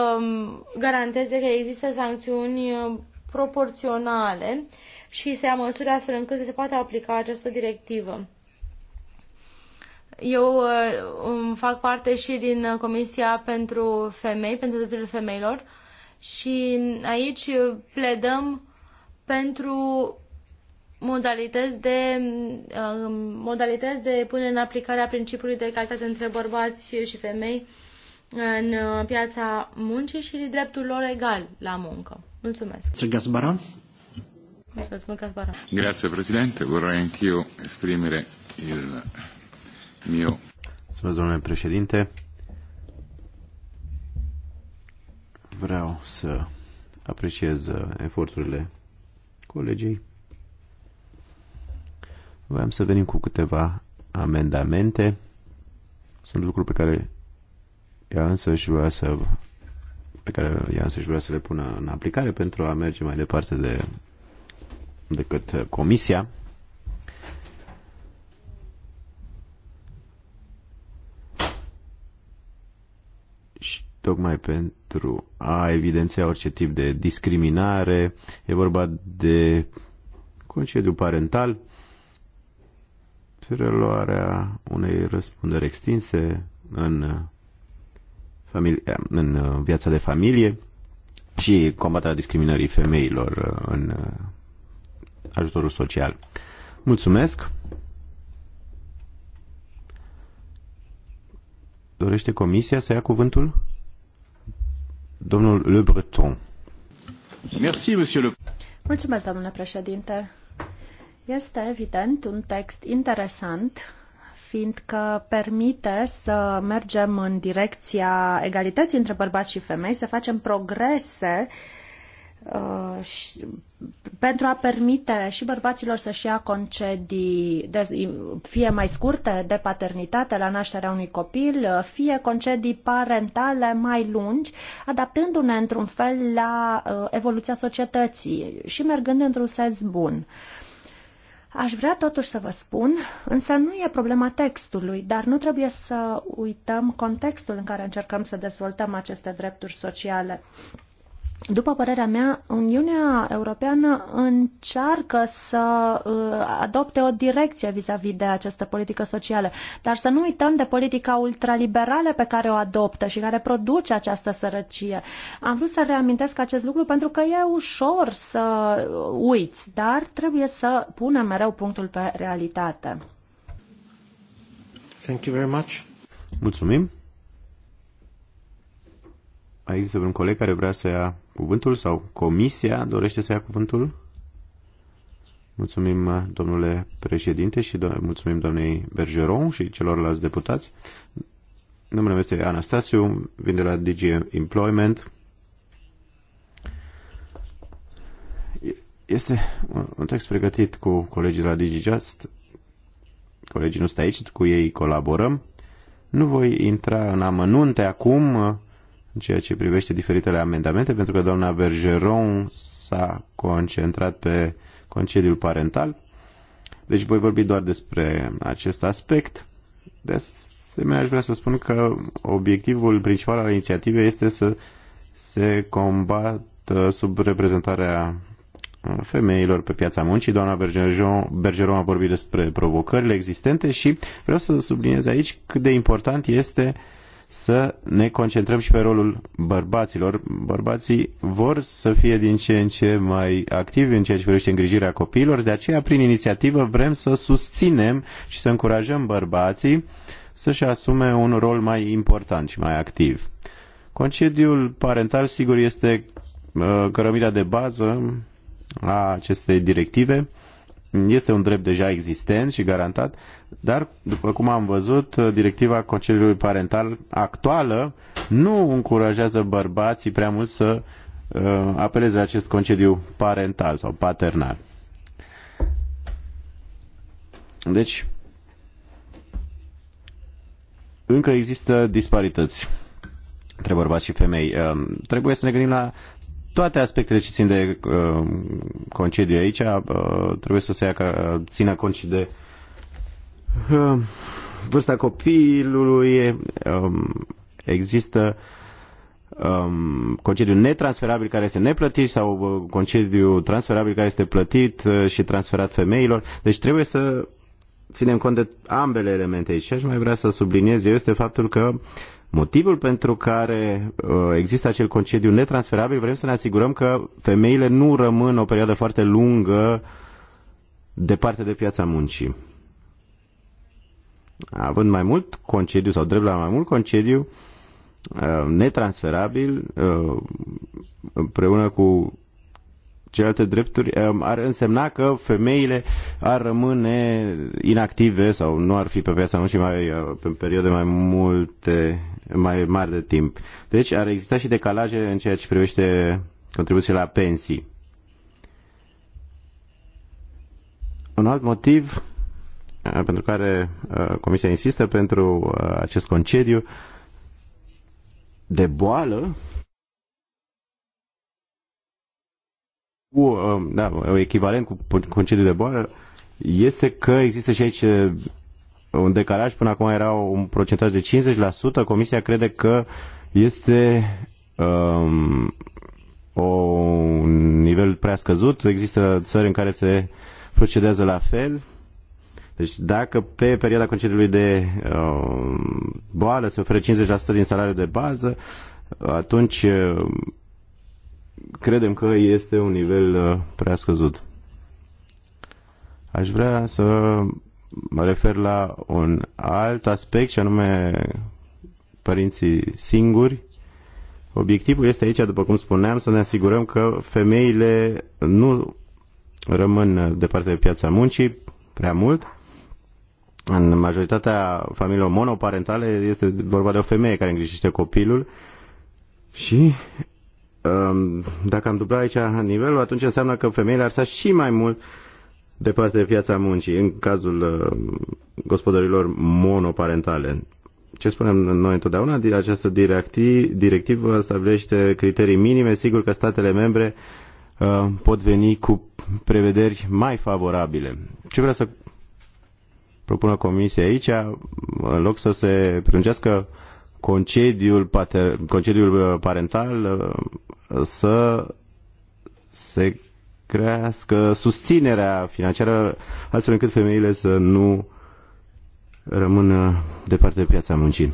garanteze că există sancțiuni uh, proporționale și să ia măsuri astfel încât să se poată aplica această directivă. Eu uh, fac parte și din uh, Comisia pentru Femei, pentru drepturile femeilor și aici pledăm pentru modalități de, uh, modalități de punere în aplicare a principiului de egalitate între bărbați și femei în piața muncii și dreptul lor egal la muncă. Mulțumesc. Baran. Mulțumesc, Baran. Grazie, Presidente. Vorrei anch'io esprimere il Mio. Mulțumesc, domnule președinte. Vreau să apreciez uh, eforturile colegii. Vreau să venim cu câteva amendamente. Sunt lucruri pe care ea însă și vrea să pe care ea însă și vrea să le pună în aplicare pentru a merge mai departe de decât uh, comisia tocmai pentru a evidenția orice tip de discriminare. E vorba de concediu parental, preluarea unei răspunderi extinse în, uh, familie, uh, în uh, viața de familie și combaterea discriminării femeilor în ajutorul social. Mulțumesc! Dorește comisia să ia cuvântul? Domnul Le Breton. Merci, monsieur le... Mulțumesc, domnule președinte. Este evident un text interesant, fiindcă permite să mergem în direcția egalității între bărbați și femei, să facem progrese uh, Uh, pentru a permite și bărbaților să-și ia concedii de, fie mai scurte de paternitate la nașterea unui copil, uh, fie concedii parentale mai lungi, adaptându-ne într-un fel la uh, evoluția societății și mergând într-un sens bun. Aș vrea totuși să vă spun, însă nu e problema textului, dar nu trebuie să uităm contextul în care încercăm să dezvoltăm aceste drepturi sociale. După părerea mea, Uniunea Europeană încearcă să uh, adopte o direcție vis-a-vis -vis de această politică socială, dar să nu uităm de politica ultraliberală pe care o adoptă și care produce această sărăcie. Am vrut să reamintesc acest lucru pentru că e ușor să uiți, dar trebuie să punem mereu punctul pe realitate. Thank you very much. Mulțumim. Aici să un coleg care vrea să ia cuvântul sau comisia dorește să ia cuvântul? Mulțumim, domnule președinte, și do- mulțumim doamnei Bergeron și celorlalți deputați. Numele meu este Anastasiu, vin de la DG Employment. Este un text pregătit cu colegii de la DigiJust. Colegii nu stă aici, cu ei colaborăm. Nu voi intra în amănunte acum în ceea ce privește diferitele amendamente, pentru că doamna Bergeron s-a concentrat pe concediul parental. Deci voi vorbi doar despre acest aspect. De asemenea, aș vrea să spun că obiectivul principal al inițiativei este să se combată sub reprezentarea uh, femeilor pe piața muncii. Doamna Bergeron, Bergeron a vorbit despre provocările existente și vreau să subliniez aici cât de important este uh, să ne concentrăm și pe rolul bărbaților. Bărbații vor să fie din ce în ce mai activi în ceea ce privește îngrijirea copiilor, de aceea prin inițiativă vrem să susținem și să încurajăm bărbații să-și asume un rol mai important și mai activ. Concediul parental, sigur, este uh, cărămida de bază a acestei directive este un drept deja existent și garantat, dar, după cum am văzut, directiva concediului parental actuală nu încurajează bărbații prea mult să uh, apeleze la acest concediu parental sau paternal. Deci, încă există disparități între bărbați și femei. Um, trebuie să ne gândim la toate aspectele ce țin de uh, concediu aici uh, trebuie să se ia ca, țină cont și de uh, vârsta copilului. Uh, există um, concediu netransferabil care este neplătit sau uh, concediu transferabil care este plătit uh, și transferat femeilor. Deci trebuie să ținem cont de ambele elemente aici. Și aș mai vrea să subliniez eu este faptul că uh, Motivul pentru care uh, există acel concediu netransferabil, vrem să ne asigurăm că femeile nu rămân o perioadă foarte lungă departe de piața muncii. Având mai mult concediu sau drept la mai mult concediu uh, netransferabil, uh, împreună cu celelalte drepturi um, ar însemna că femeile ar rămâne inactive sau nu ar fi pe piața muncii mai, uh, pe perioade mai multe, mai mari de timp. Deci ar exista și decalaje în ceea ce privește contribuții la pensii. Un alt motiv uh, pentru care uh, Comisia insistă pentru acest concediu de boală cu, um, da, echivalent cu concediu de boală, este că există și aici uh, un decalaj, până acum era un procentaj de 50%, Comisia crede că este um, o, un nivel prea scăzut, există țări în care se procedează la fel, deci dacă pe perioada concediului de um, boală se oferă 50% din salariul de bază, atunci uh, credem că este un nivel uh, prea scăzut. Aș vrea să mă refer la un alt aspect, și anume părinții singuri. Obiectivul este aici, după cum spuneam, să ne asigurăm că femeile nu rămân departe de piața muncii prea mult. În majoritatea familiilor monoparentale este vorba de o femeie care îngrijește copilul și Um, dacă am dubla aici nivelul, atunci înseamnă că femeile ar sta și mai mult departe de piața muncii, în cazul uh, gospodărilor monoparentale. Ce spunem noi întotdeauna, această directivă stabilește criterii minime, sigur că statele membre uh, pot veni cu prevederi mai favorabile. Ce vreau să propună Comisia aici, în loc să se prângească concediul, pater, concediul uh, parental uh, să se crească susținerea financiară astfel încât femeile să nu rămână departe de piața muncii.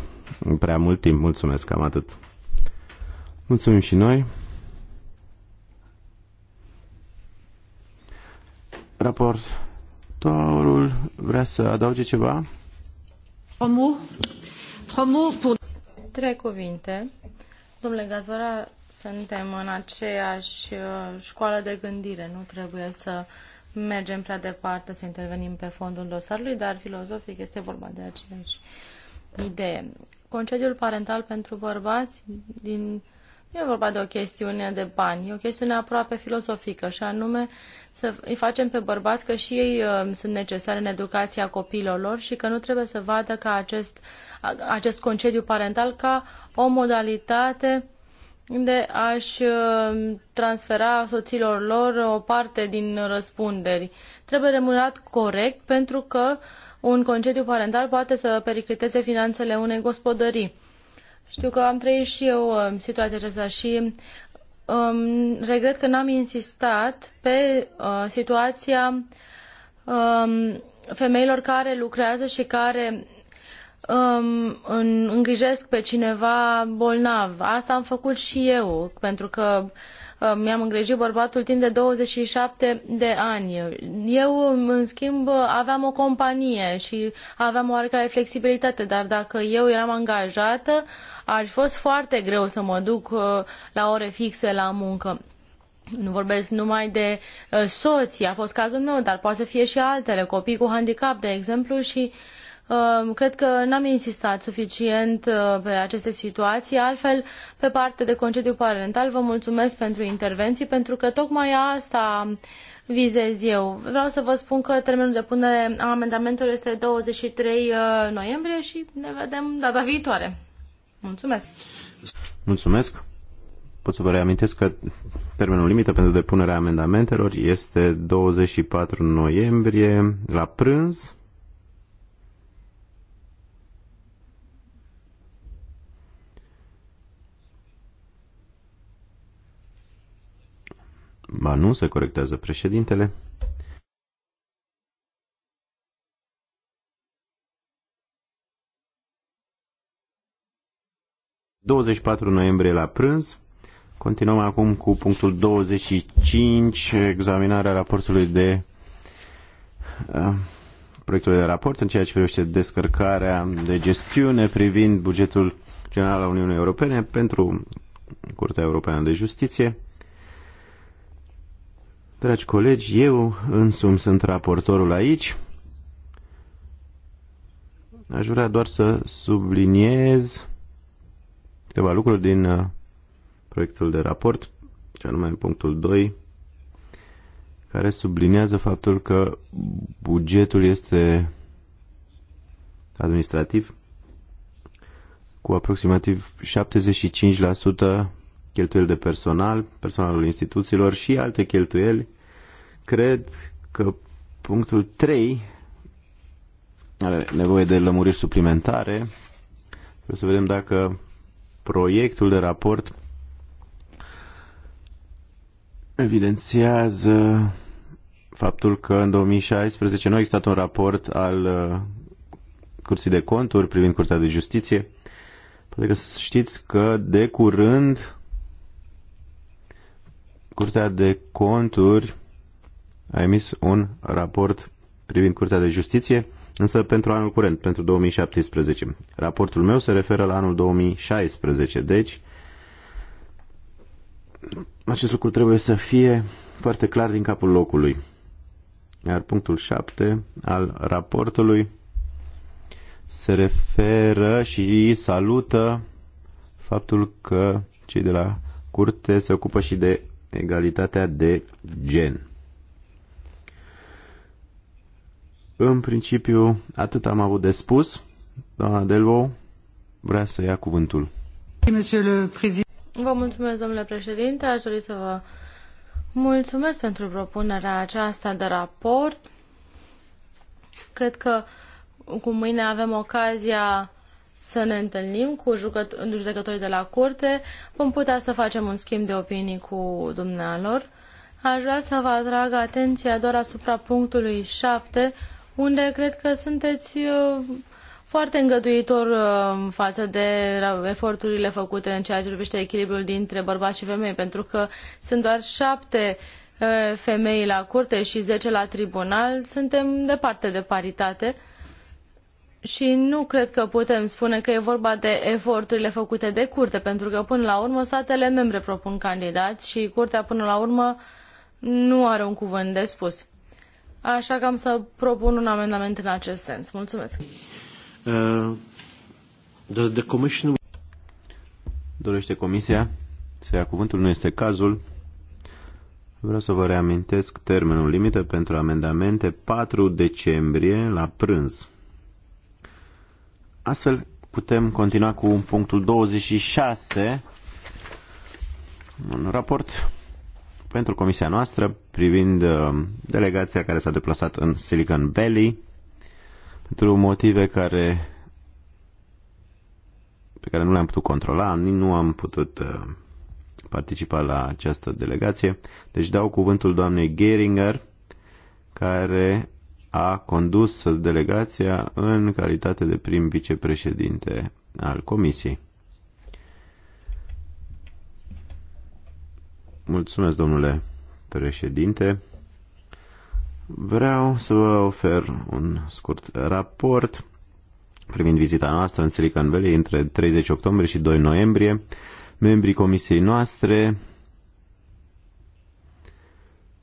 Prea mult timp, mulțumesc, cam atât. Mulțumim și noi. Raportorul vrea să adauge ceva? Omul, omul Trois trei cuvinte. Domnule Gazvara, suntem în aceeași uh, școală de gândire. Nu trebuie să mergem prea departe, să intervenim pe fondul dosarului, dar filozofic este vorba de aceeași idee. Concediul parental pentru bărbați, din nu e vorba de o chestiune de bani, e o chestiune aproape filozofică și anume să îi facem pe bărbați că și ei uh, sunt necesari în educația copiilor lor și că nu trebuie să vadă ca acest, acest concediu parental ca o modalitate de a-și uh, transfera soților lor o parte din răspunderi. Trebuie remunerat corect pentru că un concediu parental poate să pericliteze finanțele unei gospodării. Știu că am trăit și eu uh, situația aceasta și um, regret că n-am insistat pe uh, situația um, femeilor care lucrează și care um, îngrijesc pe cineva bolnav. Asta am făcut și eu, pentru că uh, Uh, mi-am îngrijit bărbatul timp de 27 de ani. Eu, în schimb, aveam o companie și aveam oarecare flexibilitate, dar dacă eu eram angajată, ar fi fost foarte greu să mă duc uh, la ore fixe la muncă. Nu vorbesc numai de uh, soții, a fost cazul meu, dar poate să fie și altele, copii cu handicap, de exemplu, și uh, Ehm, cred că n-am insistat suficient uh, pe aceste situații, altfel pe parte de concediu parental vă mulțumesc pentru intervenții, pentru că tocmai asta vizez eu. Vreau să vă spun că termenul de punere a amendamentelor este 23 uh, noiembrie și ne vedem data viitoare. Mulțumesc! Mulțumesc! Pot să vă reamintesc că termenul limită pentru depunerea amendamentelor este 24 noiembrie la prânz. Ma nu se corectează președintele. ...24 noiembrie la prânz. Continuăm acum cu punctul 25, examinarea raportului de... Uh, ...proiectului proiectul de raport în ceea ce privește descărcarea de gestiune privind bugetul general al Uniunii Europene pentru Curtea Europeană de Justiție. Dragi colegi, eu însumi sunt raportorul aici. Aș vrea doar să subliniez câteva lucruri din uh, proiectul de raport, ce anume punctul 2, care subliniază faptul că bugetul este administrativ cu aproximativ 75% cheltuieli de personal, personalul instituțiilor și alte cheltuieli, cred că punctul 3 are nevoie de lămuriri suplimentare. Trebuie să vedem dacă proiectul de raport evidențiază faptul că în 2016 nu a existat un raport al uh, Curții de Conturi privind Curtea de Justiție. Poate că știți că de curând Curtea de Conturi a emis un raport privind Curtea de Justiție, însă pentru anul curent, pentru 2017. Raportul meu se referă la anul 2016, deci acest lucru trebuie să fie foarte clar din capul locului. Iar punctul 7 al raportului se referă și salută faptul că cei de la curte se ocupă și de egalitatea de gen. În principiu, atât am avut de spus. Doamna Delvo vrea să ia cuvântul. Vă mulțumesc, domnule președinte. Aș dori să vă mulțumesc pentru propunerea aceasta de raport. Cred că cu mâine avem ocazia să ne întâlnim cu judecătorii de la curte, vom putea să facem un schimb de opinii cu dumnealor. Aș vrea să vă atrag atenția doar asupra punctului 7, unde cred că sunteți uh, foarte îngăduitor uh, față de eforturile făcute în ceea ce privește echilibrul dintre bărbați și femei, pentru că sunt doar șapte uh, femei la curte și zece la tribunal, suntem departe de paritate și nu cred că putem spune că e vorba de eforturile făcute de curte, pentru că până la urmă statele membre propun candidați și curtea până la urmă nu are un cuvânt de spus. Așa că am să propun un amendament în acest sens. Mulțumesc. Uh, does the commission... Dorește comisia să ia cuvântul? Nu este cazul. Vreau să vă reamintesc termenul limită pentru amendamente 4 decembrie la prânz. Astfel putem continua cu punctul 26, un raport pentru comisia noastră privind uh, delegația care s-a deplasat în Silicon Valley pentru motive care pe care nu le-am putut controla, nu am putut uh, participa la această delegație. Deci dau cuvântul doamnei Geringer, care a condus delegația în calitate de prim vicepreședinte al Comisiei. Mulțumesc, domnule președinte. Vreau să vă ofer un scurt raport privind vizita noastră în Silicon Valley între 30 octombrie și 2 noiembrie. Membrii comisiei noastre,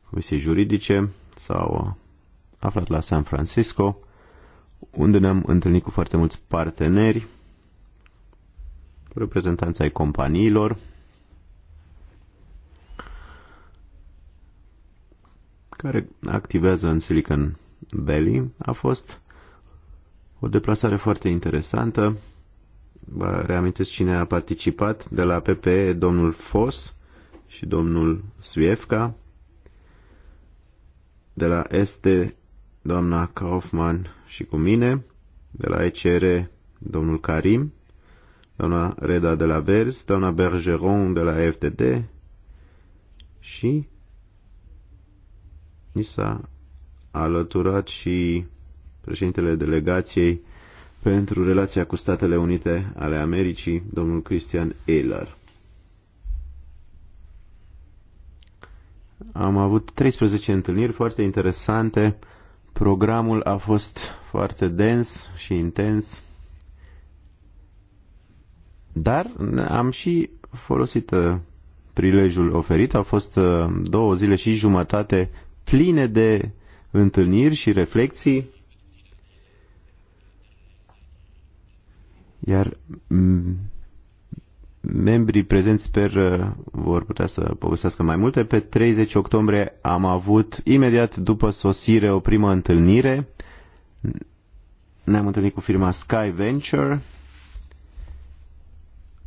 comisiei juridice, sau aflat la San Francisco, unde ne-am întâlnit cu foarte mulți parteneri, reprezentanța reprezentanți ai companiilor, care activează în Silicon Valley. A fost o deplasare foarte interesantă. Vă reamintesc cine a participat de la PPE, domnul Fos și domnul Suiefca, de la ST doamna Kaufman și cu mine, de la ECR domnul Karim, doamna Reda de la Vers, doamna Bergeron de la FTD și ni s-a alăturat și președintele delegației pentru relația cu Statele Unite ale Americii, domnul Christian Ehler. Am avut 13 întâlniri foarte interesante Programul a fost foarte dens și intens, dar am și folosit uh, prilejul oferit. Au fost uh, două zile și jumătate pline de întâlniri și reflexii. Iar membrii prezenți sper uh, vor putea să povestească mai multe. Pe 30 octombrie am avut imediat după sosire o primă întâlnire. Ne-am întâlnit cu firma Sky Venture,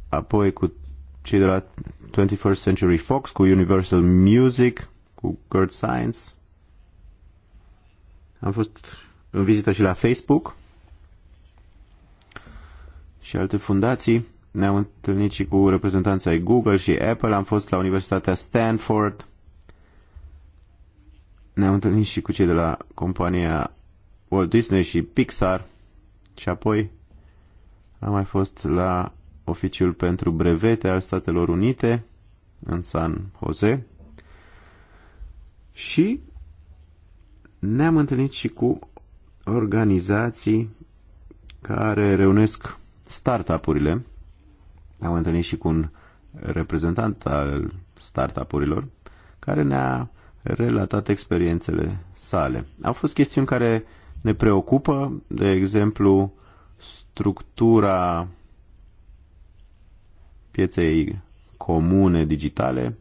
apoi cu cei de la 21st Century Fox, cu Universal Music, cu Kurt Science. Am fost în vizită și la Facebook și alte fundații. Ne-am întâlnit și cu reprezentanții ai Google și Apple, am fost la Universitatea Stanford, ne-am întâlnit și cu cei de la compania Walt Disney și Pixar și apoi am mai fost la oficiul pentru brevete al Statelor Unite în San Jose și ne-am întâlnit și cu organizații care reunesc startup-urile am întâlnit și cu un reprezentant al startup-urilor care ne-a relatat experiențele sale. Au fost chestiuni care ne preocupă, de exemplu, structura pieței comune digitale.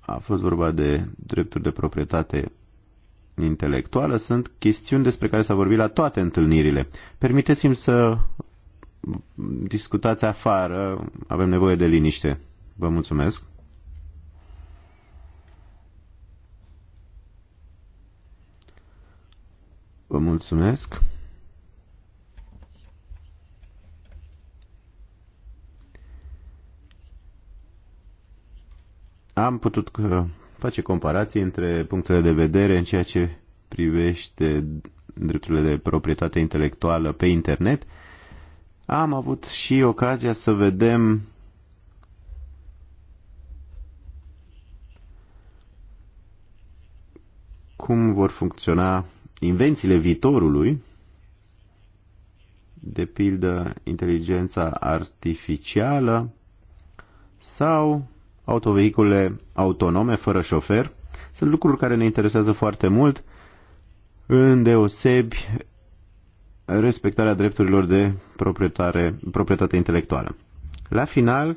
A fost vorba de drepturi de proprietate intelectuală. Sunt chestiuni despre care s-a vorbit la toate întâlnirile. Permiteți-mi să discutați afară, avem nevoie de liniște. Vă mulțumesc. Vă mulțumesc. Am putut uh, face comparații între punctele de vedere în ceea ce privește drepturile de proprietate intelectuală pe internet am avut și ocazia să vedem cum vor funcționa invențiile viitorului, de pildă inteligența artificială sau autovehicule autonome fără șofer. Sunt lucruri care ne interesează foarte mult, îndeosebi respectarea drepturilor de proprietare, proprietate intelectuală. La final,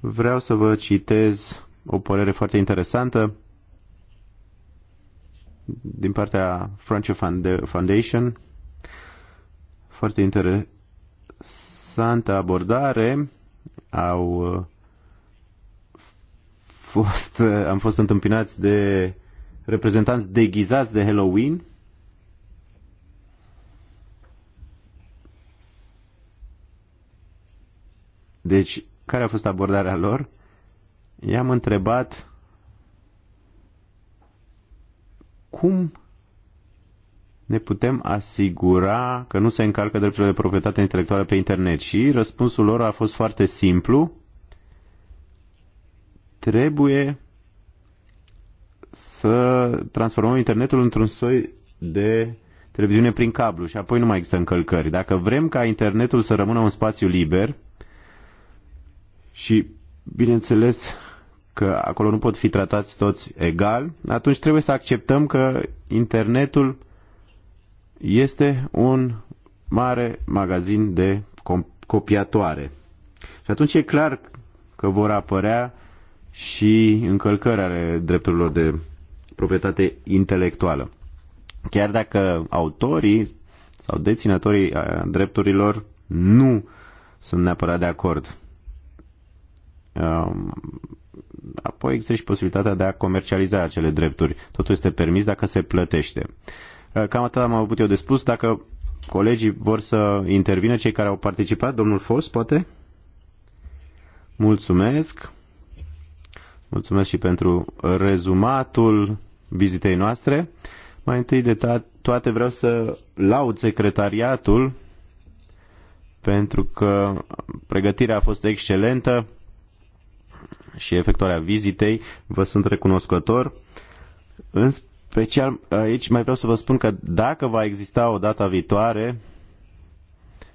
vreau să vă citez o părere foarte interesantă din partea French Foundation, foarte interesantă abordare. Au uh, fost, uh, am fost întâmpinați de reprezentanți deghizați de Halloween Deci, care a fost abordarea lor? I-am întrebat cum ne putem asigura că nu se încalcă drepturile de proprietate intelectuală pe internet și răspunsul lor a fost foarte simplu. Trebuie să transformăm internetul într-un soi de televiziune prin cablu și apoi nu mai există încălcări. Dacă vrem ca internetul să rămână un spațiu liber, și, bineînțeles, că acolo nu pot fi tratați toți egal, atunci trebuie să acceptăm că internetul este un mare magazin de copiatoare. Și atunci e clar că vor apărea și încălcări ale drepturilor de proprietate intelectuală. Chiar dacă autorii sau deținătorii drepturilor nu sunt neapărat de acord. Um, apoi există și posibilitatea de a comercializa acele drepturi. Totul este permis dacă se plătește. Uh, cam atât am avut eu de spus. Dacă colegii vor să intervină, cei care au participat, domnul Fos, poate? Mulțumesc. Mulțumesc și pentru rezumatul vizitei noastre. Mai întâi de toate vreau să laud secretariatul pentru că pregătirea a fost excelentă și efectuarea vizitei. Vă sunt recunoscător. În special aici mai vreau să vă spun că dacă va exista o data viitoare,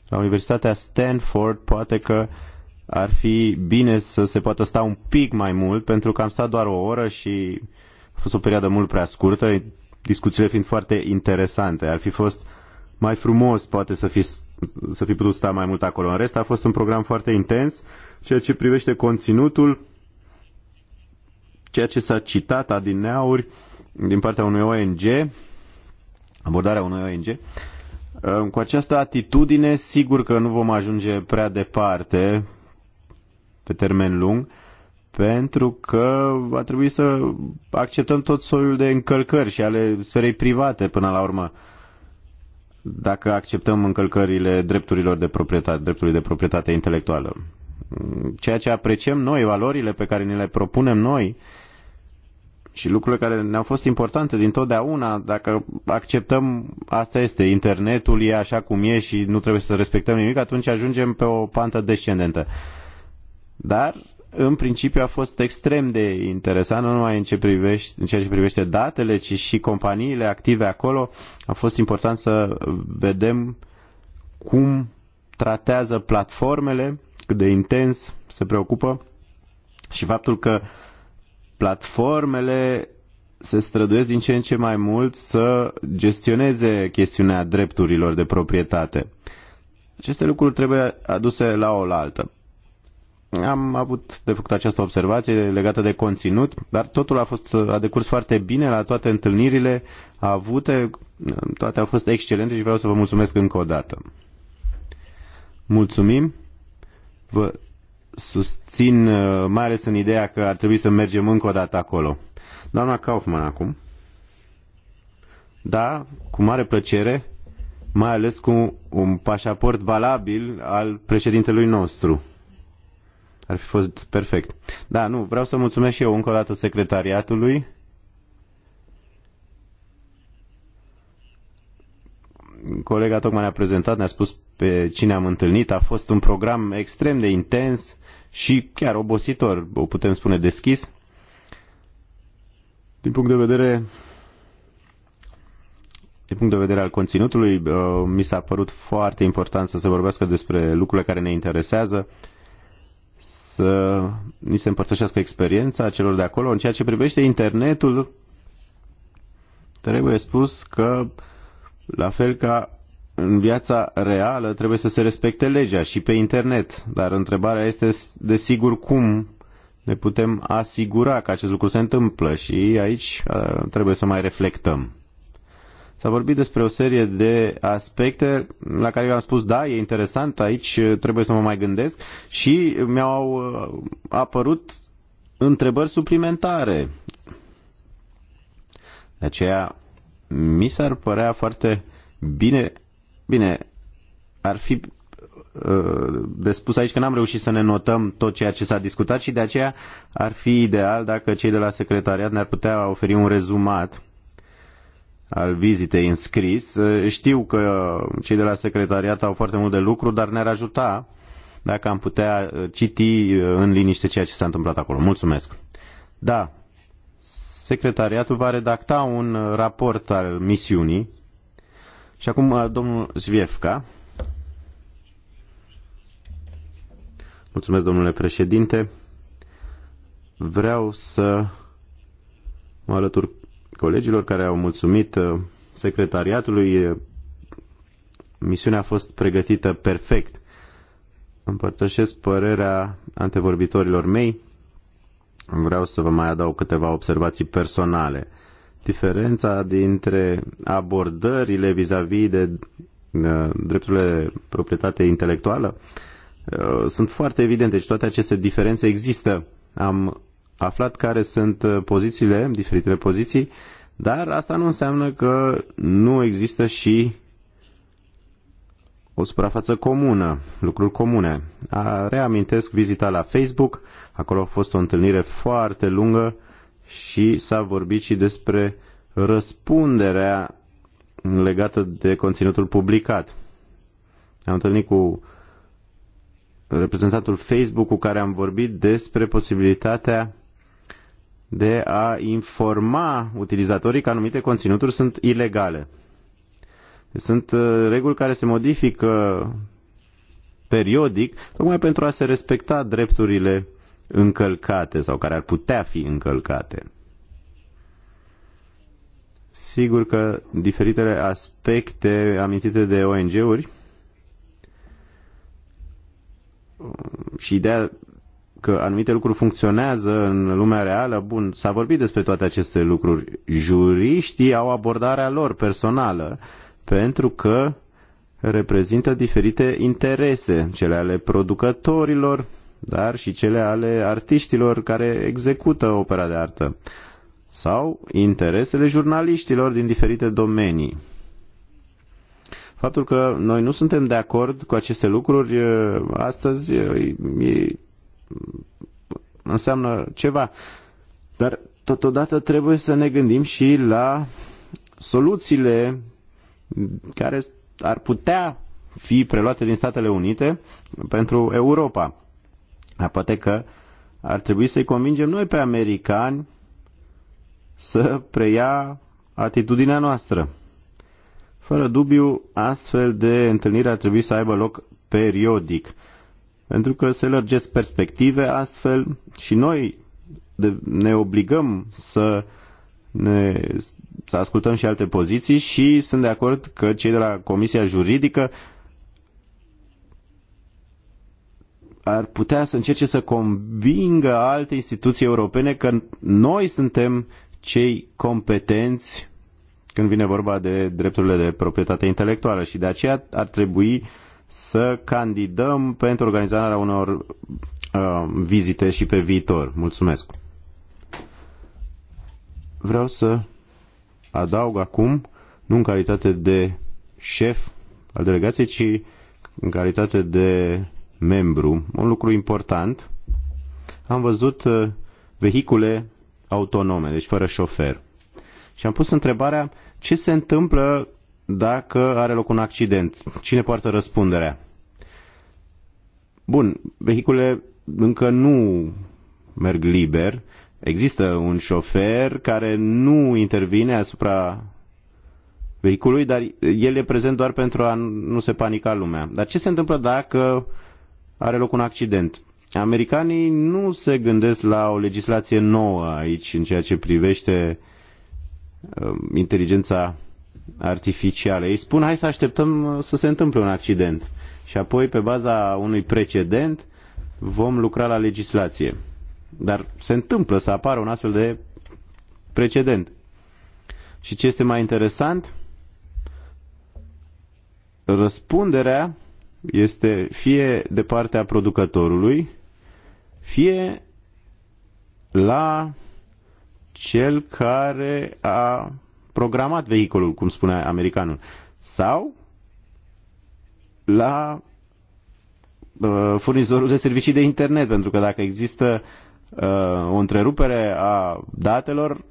la Universitatea Stanford poate că ar fi bine să se poată sta un pic mai mult, pentru că am stat doar o oră și a fost o perioadă mult prea scurtă, discuțiile fiind foarte interesante. Ar fi fost mai frumos poate să fi, să fi putut sta mai mult acolo. În rest a fost un program foarte intens. Ceea ce privește conținutul, ceea ce s-a citat adineauri din partea unui ONG, abordarea unui ONG, cu această atitudine, sigur că nu vom ajunge prea departe pe termen lung, pentru că va trebui să acceptăm tot soiul de încălcări și ale sferei private până la urmă. Dacă acceptăm încălcările drepturilor de proprietate, dreptului de proprietate intelectuală. Ceea ce apreciem noi, valorile pe care ni le propunem noi, uh, și lucrurile care ne-au fost importante din totdeauna, dacă acceptăm asta este, internetul e așa cum e și nu trebuie să respectăm nimic, atunci ajungem pe o pantă descendentă. Dar în principiu a fost extrem de interesant, nu numai în, ce privește, în ceea ce privește datele, ci și companiile active acolo. A fost important să vedem cum tratează platformele, cât de intens se preocupă și faptul că uh, platformele se străduiesc din ce în ce mai mult să gestioneze chestiunea drepturilor de proprietate. Aceste lucruri trebuie aduse la oaltă. Am avut de făcut această observație legată de conținut, dar totul a, fost, a decurs foarte bine la toate întâlnirile avute, toate au fost excelente și vreau să vă mulțumesc încă o dată. Mulțumim! Vă susțin uh, mai ales în ideea că ar trebui să mergem încă o dată acolo. Doamna Kaufman acum. Da, cu mare plăcere, mai ales cu un pașaport valabil al președintelui nostru. Ar fi fost perfect. Da, nu, vreau să mulțumesc și eu încă o dată secretariatului colega tocmai ne-a prezentat, ne-a spus pe cine am întâlnit. A fost un program extrem de intens și chiar obositor, o putem spune deschis. Din punct de vedere din punct de vedere al conținutului, uh, mi s-a părut foarte important să se vorbească despre lucrurile care ne interesează, să ni se împărtășească experiența celor de acolo. În ceea ce privește internetul, trebuie spus că la fel ca în viața reală trebuie să se respecte legea și pe internet, dar întrebarea este desigur cum ne putem asigura că acest lucru se întâmplă și aici uh, trebuie să mai reflectăm. S-a vorbit despre o serie de aspecte la care eu am spus, da, e interesant, aici uh, trebuie să mă mai gândesc și mi-au uh, apărut întrebări suplimentare. De aceea mi s-ar părea foarte bine, bine, ar fi uh, de spus aici că n-am reușit să ne notăm tot ceea ce s-a discutat și de aceea ar fi ideal dacă cei de la secretariat ne-ar putea oferi un rezumat al vizitei înscris. Uh, știu că cei de la secretariat au foarte mult de lucru, dar ne-ar ajuta dacă am putea uh, citi în liniște ceea ce s-a întâmplat acolo. Mulțumesc! Da, Secretariatul va redacta un raport al misiunii. Și acum uh, domnul Zviefka. Mulțumesc, domnule președinte. Vreau să mă alătur colegilor care au mulțumit uh, secretariatului. Misiunea a fost pregătită perfect. Împărtășesc părerea antevorbitorilor mei vreau să vă mai adaug câteva observații personale. Diferența dintre abordările vis-a-vis -vis de uh, drepturile proprietate intelectuală uh, sunt foarte evidente și toate aceste diferențe există. Am aflat care sunt uh, pozițiile, diferitele poziții, dar asta nu înseamnă că nu există și o suprafață comună, lucruri comune. A, reamintesc vizita la Facebook, Acolo a fost o întâlnire foarte lungă și s-a vorbit și despre răspunderea legată de conținutul publicat. Am întâlnit cu reprezentantul Facebook cu care am vorbit despre posibilitatea de a informa utilizatorii că anumite conținuturi sunt ilegale. Sunt uh, reguli care se modifică periodic, tocmai pentru a se respecta drepturile încălcate sau care ar putea fi încălcate. Sigur că diferitele aspecte amintite de ONG-uri și ideea că anumite lucruri funcționează în lumea reală, bun, s-a vorbit despre toate aceste lucruri. Juriștii au abordarea lor personală, pentru că reprezintă diferite interese, cele ale producătorilor, dar și cele ale artiștilor care execută opera de artă sau interesele jurnaliștilor din diferite domenii. Faptul că noi nu suntem de acord cu aceste lucruri astăzi e, înseamnă ceva. Dar totodată trebuie să ne gândim și la soluțiile care ar putea fi preluate din Statele Unite pentru Europa. Poate că ar trebui să-i convingem noi pe americani să preia atitudinea noastră. Fără dubiu, astfel de întâlniri ar trebui să aibă loc periodic, pentru că se lărgesc perspective astfel și noi ne obligăm să, ne, să ascultăm și alte poziții și sunt de acord că cei de la Comisia Juridică ar putea să încerce să convingă alte instituții europene că noi suntem cei competenți când vine vorba de drepturile de proprietate intelectuală și de aceea ar trebui să candidăm pentru organizarea unor uh, vizite și pe viitor. Mulțumesc! Vreau să adaug acum, nu în calitate de șef al delegației, ci în calitate de membru. Un lucru important, am văzut uh, vehicule autonome, deci fără șofer. Și am pus întrebarea ce se întâmplă dacă are loc un accident. Cine poartă răspunderea? Bun, vehiculele încă nu merg liber. Există un șofer care nu intervine asupra vehiculului dar el e prezent doar pentru a nu se panica lumea. Dar ce se întâmplă dacă are loc un accident. Americanii nu se gândesc la o legislație nouă aici în ceea ce privește uh, inteligența artificială. Ei spun hai să așteptăm uh, să se întâmple un accident și apoi pe baza unui precedent vom lucra la legislație. Dar se întâmplă să apară un astfel de precedent. Și ce este mai interesant? Răspunderea este fie de partea producătorului, fie la cel care a programat vehiculul, cum spunea americanul, sau la uh, furnizorul de servicii de internet, pentru că dacă există uh, o întrerupere a datelor,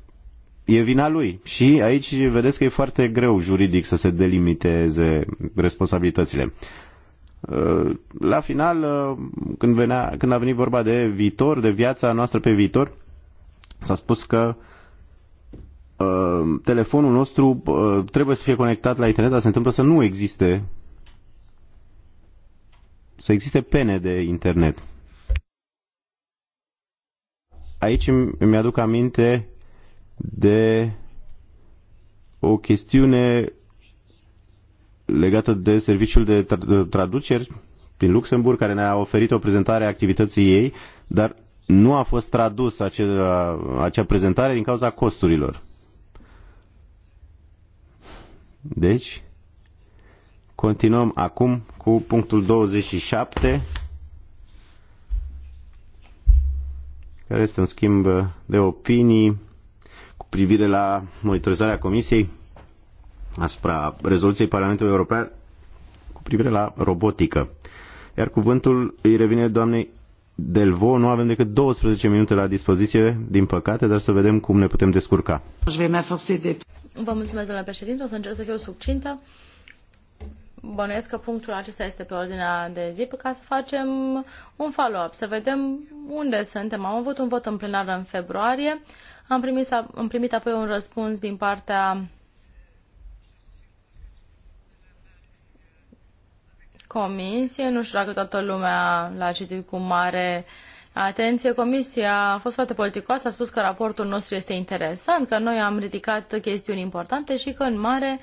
e vina lui. Și aici vedeți că e foarte greu juridic să se delimiteze responsabilitățile la final, uh, când, venea, când a venit vorba de viitor, de viața noastră pe viitor, s-a spus că uh, telefonul nostru uh, trebuie să fie conectat la internet, dar se întâmplă să nu existe să existe pene de internet. Aici îmi aduc aminte de o chestiune legată de serviciul de traduceri din Luxemburg, care ne-a oferit o prezentare a activității ei, dar nu a fost tradus acea, acea prezentare din cauza costurilor. Deci, continuăm acum cu punctul 27, care este un schimb de opinii cu privire la monitorizarea Comisiei asupra rezoluției Parlamentului European cu privire la robotică. Iar cuvântul îi revine doamnei Delvo, nu avem decât 12 minute la dispoziție, din păcate, dar să vedem cum ne putem descurca. Vă mulțumesc, domnule președinte, o să încerc să fiu succintă. Bănuiesc că punctul acesta este pe ordinea de zi ca să facem un follow-up, să vedem unde suntem. Am avut un vot în plenară în februarie, am primit, am primit apoi un răspuns din partea comisie. Nu știu dacă toată lumea l-a citit cu mare atenție. Comisia a fost foarte politicoasă, a spus că raportul nostru este interesant, că noi am ridicat chestiuni importante și că în mare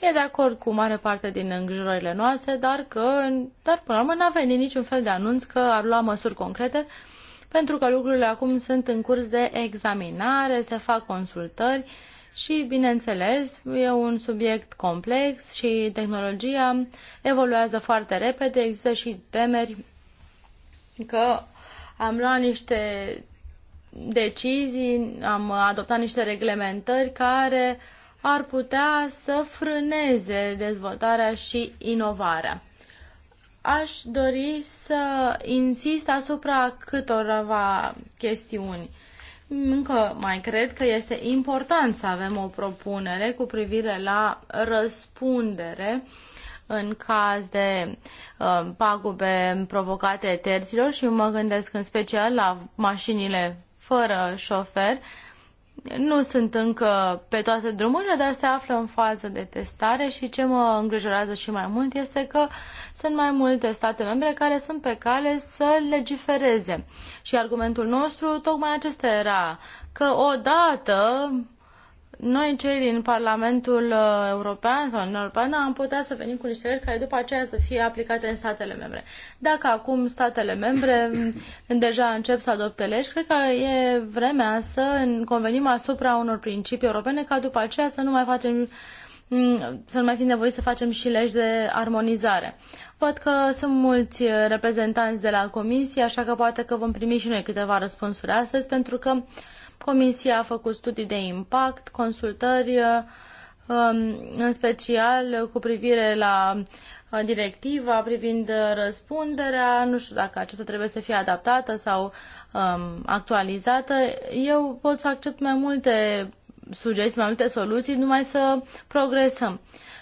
e de acord cu mare parte din îngrijorările noastre, dar că dar până la urmă n-a venit niciun fel de anunț că ar lua măsuri concrete pentru că lucrurile acum sunt în curs de examinare, se fac consultări și, bineînțeles, e un subiect complex și tehnologia evoluează foarte repede. Există și temeri că am luat niște decizii, am adoptat niște reglementări care ar putea să frâneze dezvoltarea și inovarea. Aș dori să insist asupra câtorva chestiuni. Încă mai cred că este important să avem o propunere cu privire la răspundere în caz de uh, pagube provocate terților și mă gândesc în special la mașinile fără șofer, uh, nu sunt încă pe toate drumurile, dar se află în fază de testare și ce mă îngrijorează și mai mult este că sunt mai multe state membre care sunt pe cale să legifereze. Și argumentul nostru tocmai acesta era că odată noi, cei din Parlamentul uh, European sau în Europeană, am putea să venim cu niște legi care după aceea să fie aplicate în statele membre. Dacă acum statele membre mm, deja încep să adopte legi, cred că e vremea să convenim asupra unor principii europene ca după aceea să nu mai facem mm, să nu mai fi nevoie să facem și legi de armonizare. Văd că sunt mulți reprezentanți de la Comisie, așa că poate că vom primi și noi câteva răspunsuri astăzi, pentru că Comisia a făcut studii de impact, consultări, um, în special cu privire la directiva privind răspunderea, nu știu dacă aceasta trebuie să fie adaptată sau um, actualizată. Eu pot să accept mai multe sugestii, mai multe soluții, numai să progresăm.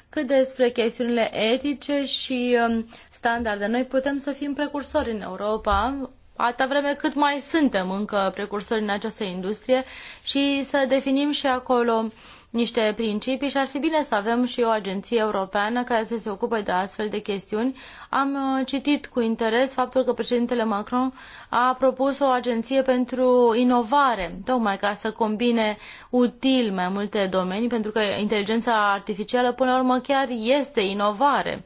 Cât despre chestiunile etice și um, standarde, noi putem să fim precursori în Europa atâta vreme cât mai suntem încă precursori în această industrie și să definim și acolo niște principii și ar fi bine să avem și o agenție europeană care să se ocupe de astfel de chestiuni. Am uh, citit cu interes faptul că președintele Macron a propus o agenție pentru inovare, tocmai ca să combine util mai multe domenii, pentru că inteligența artificială până la urmă chiar este inovare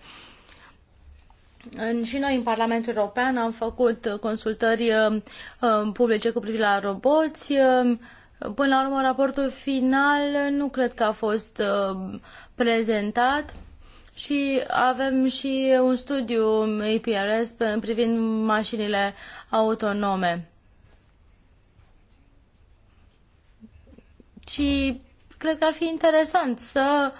și noi în Parlamentul European am făcut consultări uh, uh, publice cu privire la roboți. Uh, până la urmă, raportul final nu cred că a fost prezentat și avem și un studiu APRS privind mașinile autonome. Și cred că ar fi interesant să uh,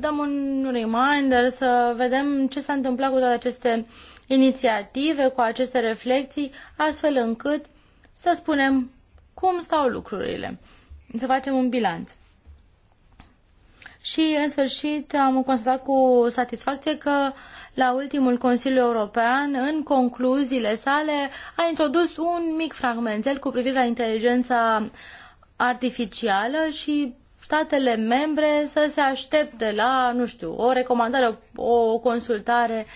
dăm un reminder, să vedem ce s-a întâmplat cu toate aceste inițiative, cu aceste reflexii, astfel încât să spunem cum stau lucrurile, să facem un bilanț. Și, în sfârșit, am constatat cu satisfacție că la ultimul Consiliu European, în concluziile sale, a introdus un mic fragmentel cu privire la inteligența artificială și statele membre să se aștepte la, nu știu, o recomandare, o consultare,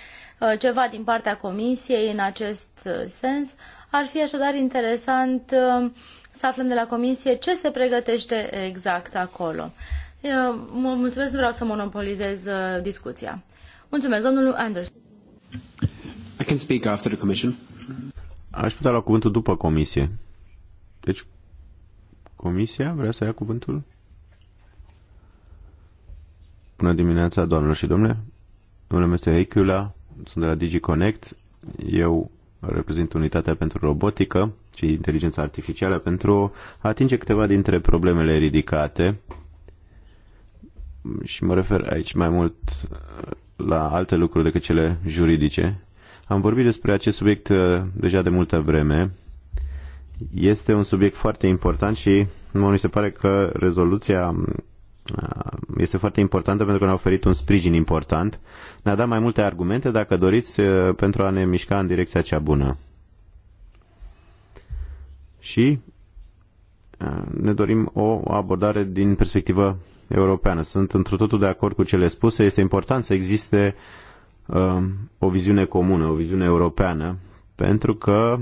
uh, ceva din partea Comisiei în acest uh, sens. Ar fi așadar interesant uh, să aflăm de la Comisie ce se pregătește exact acolo. Eu mulțumesc, nu vreau să monopolizez discuția. Mulțumesc, domnul Anderson. I can speak after the commission. Aș putea lua cuvântul după comisie. Deci, comisia vrea să ia cuvântul? Bună dimineața, doamnelor și domnule. Numele meu este Echula, sunt de la DigiConnect. Eu reprezint unitatea pentru robotică și inteligența artificială pentru a atinge câteva dintre problemele ridicate și mă refer aici mai mult la alte lucruri decât cele juridice. Am vorbit despre acest subiect uh, deja de multă vreme. Este un subiect foarte important și mi se pare că rezoluția Uh, este foarte importantă pentru că ne-a oferit un sprijin important. Ne-a dat mai multe argumente, dacă doriți, uh, pentru a ne mișca în direcția cea bună. Și uh, ne dorim o abordare din perspectivă europeană. Sunt într totul de acord cu cele spuse. Este important să existe o viziune comună, o viziune europeană, pentru că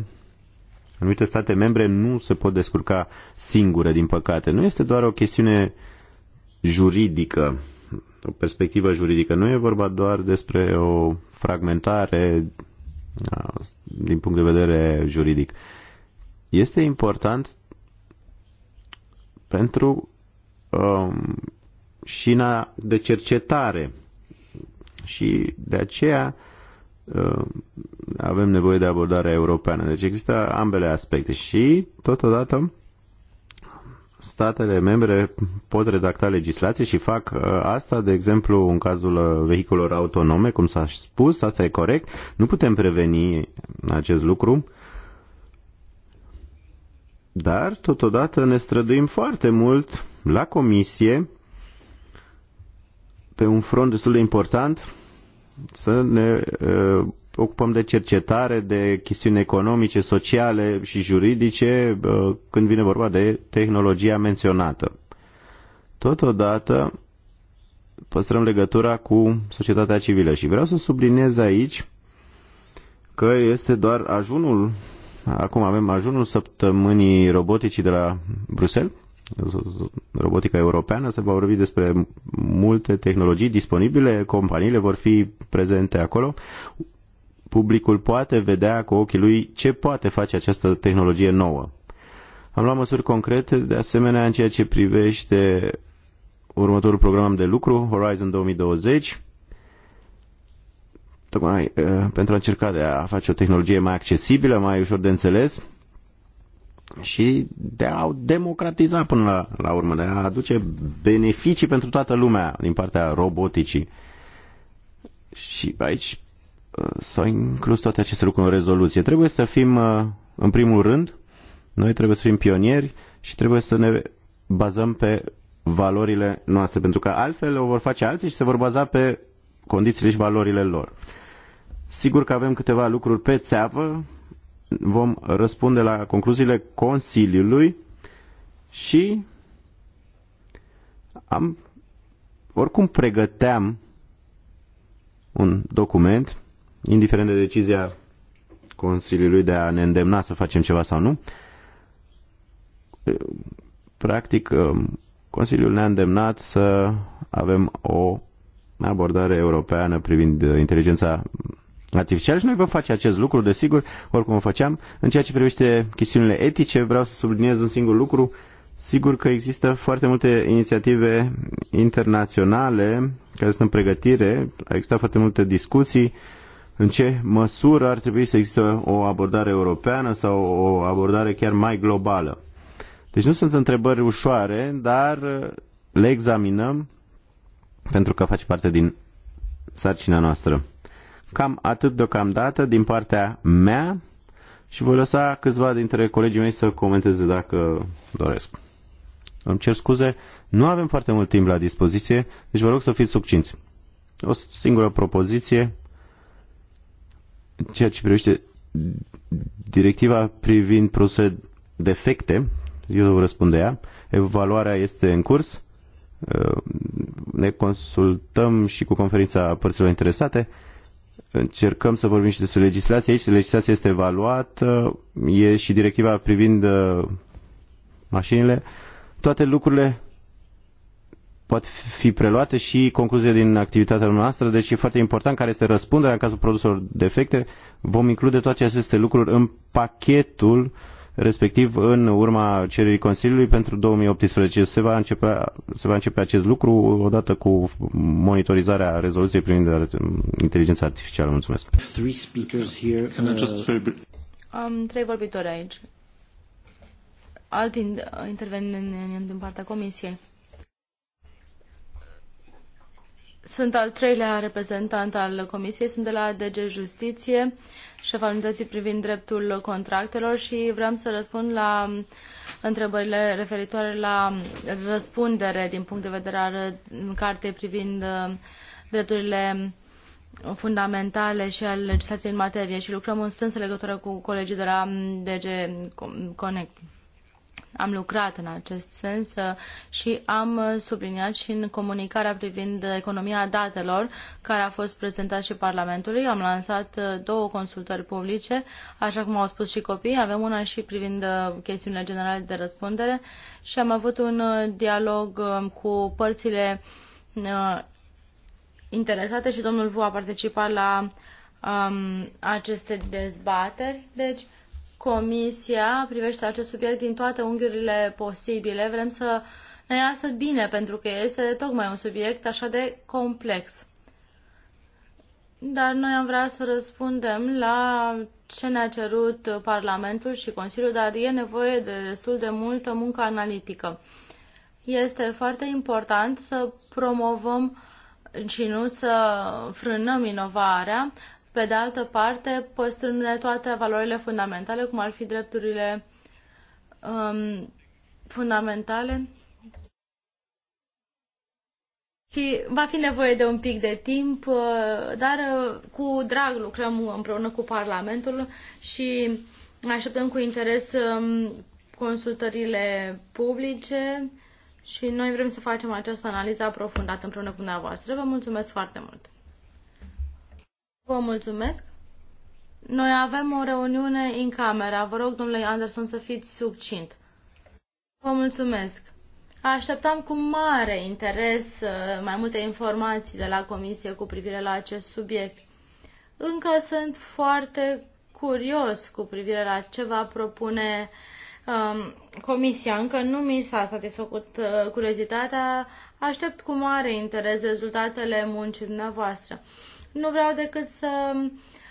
anumite state membre nu se pot descurca singure, din păcate. Nu este doar o chestiune uh, juridică, o perspectivă juridică. Nu e vorba doar despre o fragmentare din punct de vedere juridic. Este important pentru um, șina de cercetare și de aceea um, avem nevoie de abordarea europeană. Deci există ambele aspecte și totodată statele membre pot redacta legislație și fac uh, asta, de exemplu, în cazul uh, vehiculor autonome, cum s-a spus, asta e corect. Nu putem preveni acest lucru, dar totodată ne străduim foarte mult la comisie pe un front destul de important să ne uh, ocupăm de cercetare, de chestiuni economice, sociale și juridice când vine vorba de tehnologia menționată. Totodată păstrăm legătura cu societatea civilă și vreau să subliniez aici că este doar ajunul, acum avem ajunul săptămânii roboticii de la Bruxelles, robotica europeană, se va vorbi despre multe tehnologii disponibile, companiile vor fi prezente acolo publicul poate vedea cu ochii lui ce poate face această tehnologie nouă. Am luat măsuri concrete, de asemenea, în ceea ce privește următorul program de lucru, Horizon 2020, tocmai eh, pentru a încerca de a face o tehnologie mai accesibilă, mai ușor de înțeles și de a o democratiza până la, la urmă, de a aduce beneficii pentru toată lumea din partea roboticii. Și aici s-au inclus toate aceste lucruri în rezoluție. Trebuie să fim, uh, în primul rând, noi trebuie să fim pionieri și trebuie să ne bazăm pe valorile noastre, pentru că altfel o vor face alții și se vor baza pe condițiile și valorile lor. Sigur că avem câteva lucruri pe țeavă, vom răspunde la concluziile Consiliului și am, oricum pregăteam un document indiferent de decizia Consiliului de a ne îndemna să facem ceva sau nu, practic um, Consiliul ne-a îndemnat să avem o abordare europeană privind uh, inteligența artificială și noi vom face acest lucru, desigur, oricum o făceam. În ceea ce privește chestiunile etice, vreau să subliniez un singur lucru. Sigur că există foarte multe inițiative internaționale care sunt în pregătire, au existat foarte multe discuții în ce măsură ar trebui să există o abordare europeană sau o abordare chiar mai globală. Deci nu sunt întrebări ușoare, dar uh, le examinăm pentru că face parte din sarcina noastră. Cam atât deocamdată din partea mea și voi lăsa câțiva dintre colegii mei să comenteze dacă doresc. Îmi cer scuze, nu avem foarte mult timp la dispoziție, deci vă rog să fiți succinți. O singură propoziție ceea ce privește directiva privind produse defecte, eu răspund de ea, evaluarea este în curs, uh, ne consultăm și cu conferința părților interesate, încercăm să vorbim și despre legislație aici, legislația este evaluată, e și directiva privind uh, mașinile, toate lucrurile pot fi preluate și concluziile din activitatea noastră, deci e foarte important care este răspunderea în cazul produselor defecte. Vom include toate aceste lucruri în pachetul respectiv în urma cererii Consiliului pentru 2018. Se va începe, se va începe acest lucru odată cu monitorizarea rezoluției privind inteligența artificială. Mulțumesc. Uh, uh, Am trei vorbitori aici. Alt uh, intervenient din partea Comisiei. Sunt al treilea reprezentant al Comisiei, sunt de la DG Justiție, șef al unității privind dreptul contractelor și vreau să răspund la întrebările referitoare la răspundere din punct de vedere al cartei privind uh, drepturile fundamentale și al legislației în materie și lucrăm în strânsă legătură cu colegii de la um, DG Connect am lucrat în acest sens uh, și am uh, subliniat și în comunicarea privind economia datelor, care a fost prezentată și Parlamentului. Am lansat uh, două consultări publice, așa cum au spus și copiii. Avem una și privind chestiunile generale de răspundere și am avut un dialog um, cu părțile interesate și domnul Vu a participat la um, aceste dezbateri. Deci, Comisia privește acest subiect din toate unghiurile posibile. Vrem să ne iasă bine, pentru că este tocmai un subiect așa de complex. Dar noi am vrea să răspundem la ce ne-a cerut Parlamentul și Consiliul, dar e nevoie de destul de multă muncă analitică. Este foarte important să promovăm și nu să frânăm inovarea, pe de altă parte păstrându-ne toate valorile fundamentale, cum ar fi drepturile um, fundamentale. Și va fi nevoie de un pic de timp, uh, dar uh, cu drag lucrăm împreună cu Parlamentul și așteptăm cu interes um, consultările publice și noi vrem să facem această analiză aprofundată împreună cu dumneavoastră. Vă mulțumesc foarte mult! Vă mulțumesc. Noi avem o reuniune în camera. Vă rog, domnule Anderson, să fiți succint. Vă mulțumesc. Așteptam cu mare interes uh, mai multe informații de la Comisie cu privire la acest subiect. Încă sunt foarte curios cu privire la ce va propune um, Comisia. Încă nu mi s-a satisfăcut uh, curiozitatea. Aștept cu mare interes rezultatele muncii dumneavoastră. Nu vreau decât să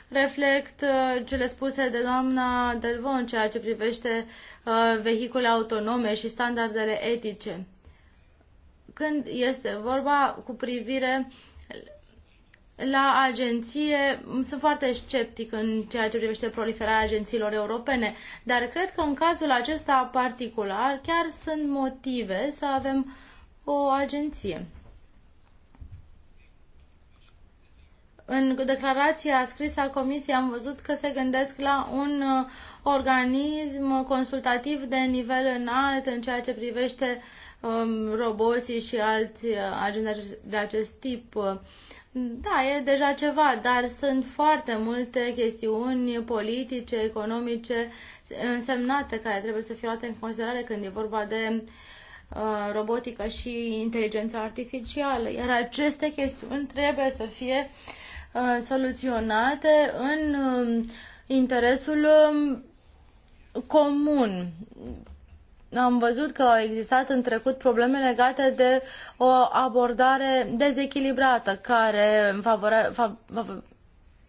reflect uh, cele spuse de doamna Delvo în ceea ce privește uh, vehicule autonome și standardele etice. Când este vorba cu privire la agenție, sunt foarte sceptic în ceea ce privește proliferarea agențiilor europene, dar cred că în cazul acesta particular chiar sunt motive să avem o agenție. În declarația scrisă a Comisiei am văzut că se gândesc la un uh, organism consultativ de nivel înalt în ceea ce privește um, roboții și alți uh, agenți de acest tip. Da, e deja ceva, dar sunt foarte multe chestiuni politice, economice însemnate care trebuie să fie luate în considerare când e vorba de uh, robotică și inteligența artificială, iar aceste chestiuni trebuie să fie uh, Uh, soluționate în um, interesul um, comun. Am văzut că au existat în trecut probleme legate de o abordare dezechilibrată care favoarea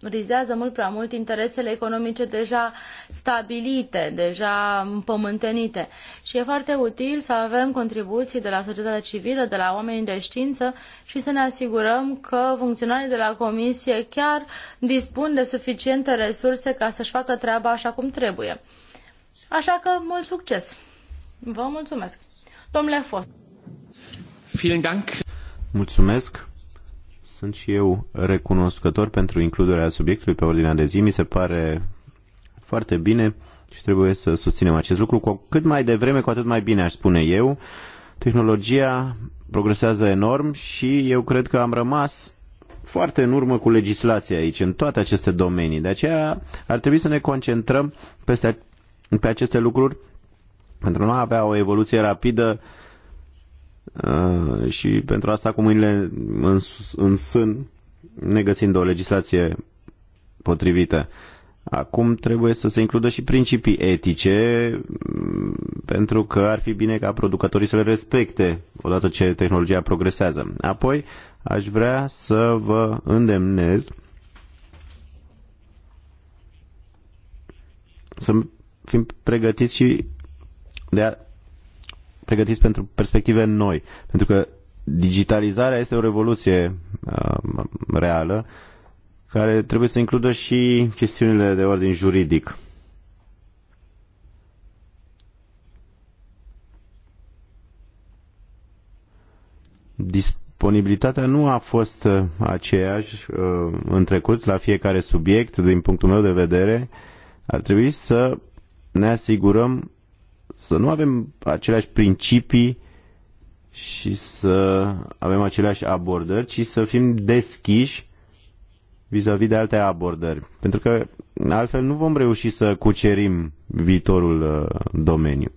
favorizează mult prea mult interesele economice deja stabilite, deja împământenite. Și e foarte util să avem contribuții de la societatea civilă, de la oamenii de știință și să ne asigurăm că funcționarii de la comisie chiar dispun de suficiente resurse ca să-și facă treaba așa cum trebuie. Așa că mult succes! Vă mulțumesc! Domnule Fost! Vielen Dank! Mulțumesc! Sunt și eu recunoscător pentru includerea subiectului pe ordinea de zi. Mi se pare foarte bine și trebuie să susținem acest lucru. Cu cât mai devreme, cu atât mai bine, aș spune eu. Tehnologia progresează enorm și eu cred că am rămas foarte în urmă cu legislația aici, în toate aceste domenii. De aceea ar trebui să ne concentrăm peste, pe aceste lucruri pentru a avea o evoluție rapidă Uh, și pentru asta mâinile în, în sân, negăsind o legislație potrivită, Acum trebuie să se includă și principii etice, mm, pentru că ar fi bine ca producătorii să le respecte odată ce tehnologia progresează. Apoi, aș vrea să vă îndemnez să fim pregătiți și de a pregătiți pentru perspective noi. Pentru că digitalizarea este o revoluție uh, reală care trebuie să includă și chestiunile de ordin juridic. Disponibilitatea nu a fost uh, aceeași uh, în trecut la fiecare subiect, din punctul meu de vedere. Ar trebui să ne asigurăm să nu avem aceleași principii și să avem aceleași abordări, ci să fim deschiși vis-a-vis -vis de alte abordări. Pentru că altfel nu vom reuși să cucerim viitorul uh, domeniu.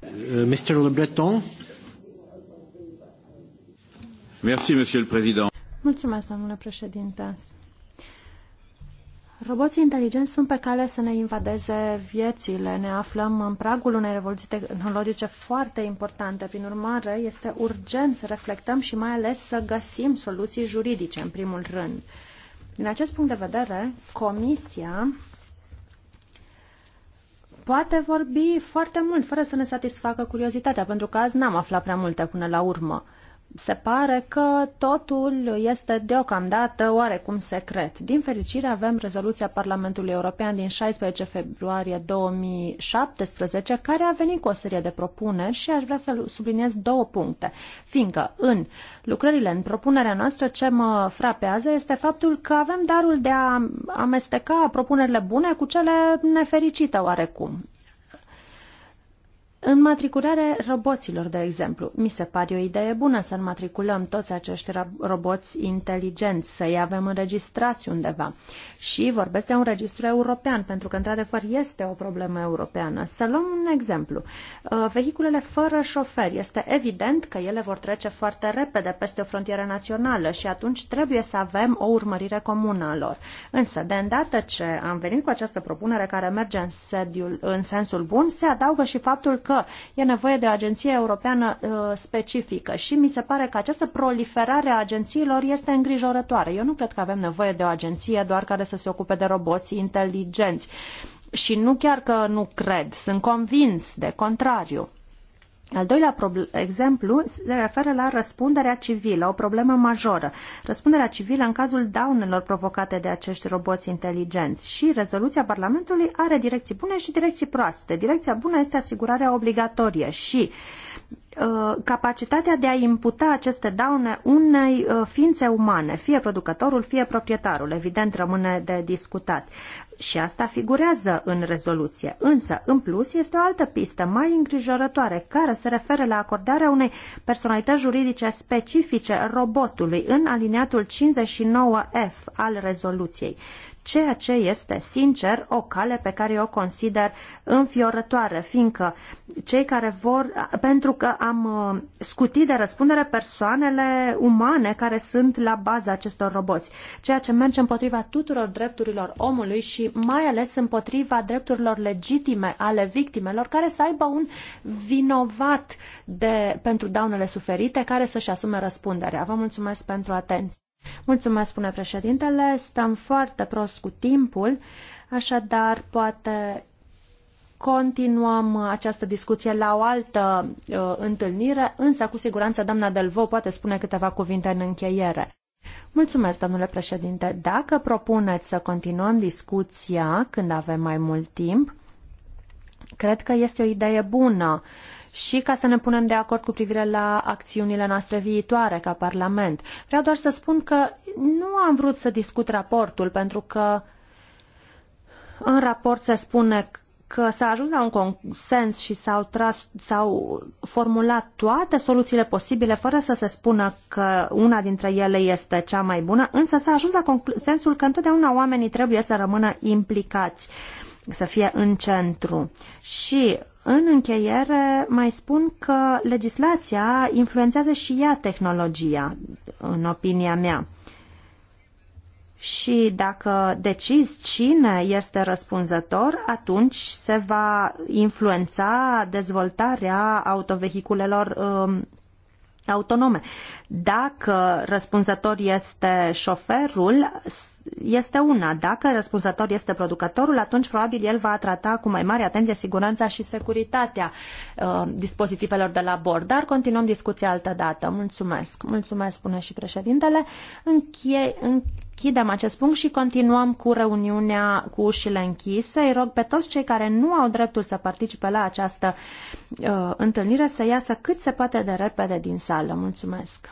Uh, Mr. Le Breton. Merci, Monsieur le Président. Mulțumesc, domnule președinte. Roboții inteligenți sunt pe cale să ne invadeze viețile. Ne aflăm în pragul unei revoluții tehnologice foarte importante. Prin urmare, este urgent să reflectăm și mai ales să găsim soluții juridice, în primul rând. Din acest punct de vedere, Comisia poate vorbi foarte mult, fără să ne satisfacă curiozitatea, pentru că azi n-am aflat prea multe până la urmă se pare că totul este deocamdată oarecum secret. Din fericire avem rezoluția Parlamentului European din 16 februarie 2017 care a venit cu o serie de propuneri și aș vrea să subliniez două puncte. Fiindcă în lucrările, în propunerea noastră, ce mă frapează este faptul că avem darul de a amesteca propunerile bune cu cele nefericite oarecum. Înmatriculare roboților, de exemplu. Mi se pare o idee bună să înmatriculăm toți acești roboți inteligenți, să-i avem înregistrați undeva. Și vorbesc de un registru european, pentru că, într-adevăr, este o problemă europeană. Să luăm un exemplu. Uh, vehiculele fără șofer. Este evident că ele vor trece foarte repede peste o frontieră națională și atunci trebuie să avem o urmărire comună a lor. Însă, de îndată ce am venit cu această propunere care merge în, sediul, în sensul bun, se adaugă și faptul că că e nevoie de o agenție europeană uh, specifică și mi se pare că această proliferare a agențiilor este îngrijorătoare. Eu nu cred că avem nevoie de o agenție doar care să se ocupe de roboții inteligenți. Și nu chiar că nu cred, sunt convins de contrariu. Al doilea exemplu se referă la răspunderea civilă, o problemă majoră. Răspunderea civilă în cazul daunelor provocate de acești roboți inteligenți și rezoluția Parlamentului are direcții bune și direcții proaste. Direcția bună este asigurarea obligatorie și uh, capacitatea de a imputa aceste daune unei uh, ființe umane, fie producătorul, fie proprietarul, evident rămâne de discutat și asta figurează în rezoluție. Însă, în plus, este o altă pistă mai îngrijorătoare care se referă la acordarea unei personalități juridice specifice robotului în aliniatul 59F al rezoluției ceea ce este, sincer, o cale pe care eu o consider înfiorătoare, fiindcă cei care vor, pentru că am uh, scutit de răspundere persoanele umane care sunt la baza acestor roboți, ceea ce merge împotriva tuturor drepturilor omului și mai ales împotriva drepturilor legitime ale victimelor care să aibă un vinovat de, pentru daunele suferite care să-și asume răspunderea. Vă mulțumesc pentru atenție. Mulțumesc, spune președintele. Stăm foarte prost cu timpul, așadar poate continuăm această discuție la o altă uh, întâlnire, însă cu siguranță doamna Delvo poate spune câteva cuvinte în încheiere. Mulțumesc, domnule președinte. Dacă propuneți să continuăm discuția când avem mai mult timp, cred că este o idee bună. Uh, și ca să ne punem de acord cu privire la acțiunile noastre viitoare ca Parlament. Vreau doar să spun că nu am vrut să discut raportul, pentru că în raport se spune că s-a ajuns la un consens și s-au, tras, s-au formulat toate soluțiile posibile fără să se spună că una dintre ele este cea mai bună, însă s-a ajuns la consensul că întotdeauna oamenii trebuie să rămână implicați să fie în centru. Și în încheiere, mai spun că legislația influențează și ea tehnologia, în opinia mea. Și dacă decizi cine este răspunzător, atunci se va influența dezvoltarea autovehiculelor um, autonome. Dacă răspunzător este șoferul, este una. Dacă răspunzător este producătorul, atunci probabil el va trata cu mai mare atenție siguranța și securitatea uh, dispozitivelor de la bord. Dar continuăm discuția altă dată. Mulțumesc. Mulțumesc, spune și președintele. Închei, în, închidem acest punct și continuăm cu reuniunea cu ușile închise. Îi rog pe toți cei care nu au dreptul să participe la această uh, întâlnire să iasă cât se poate de repede din sală. Mulțumesc!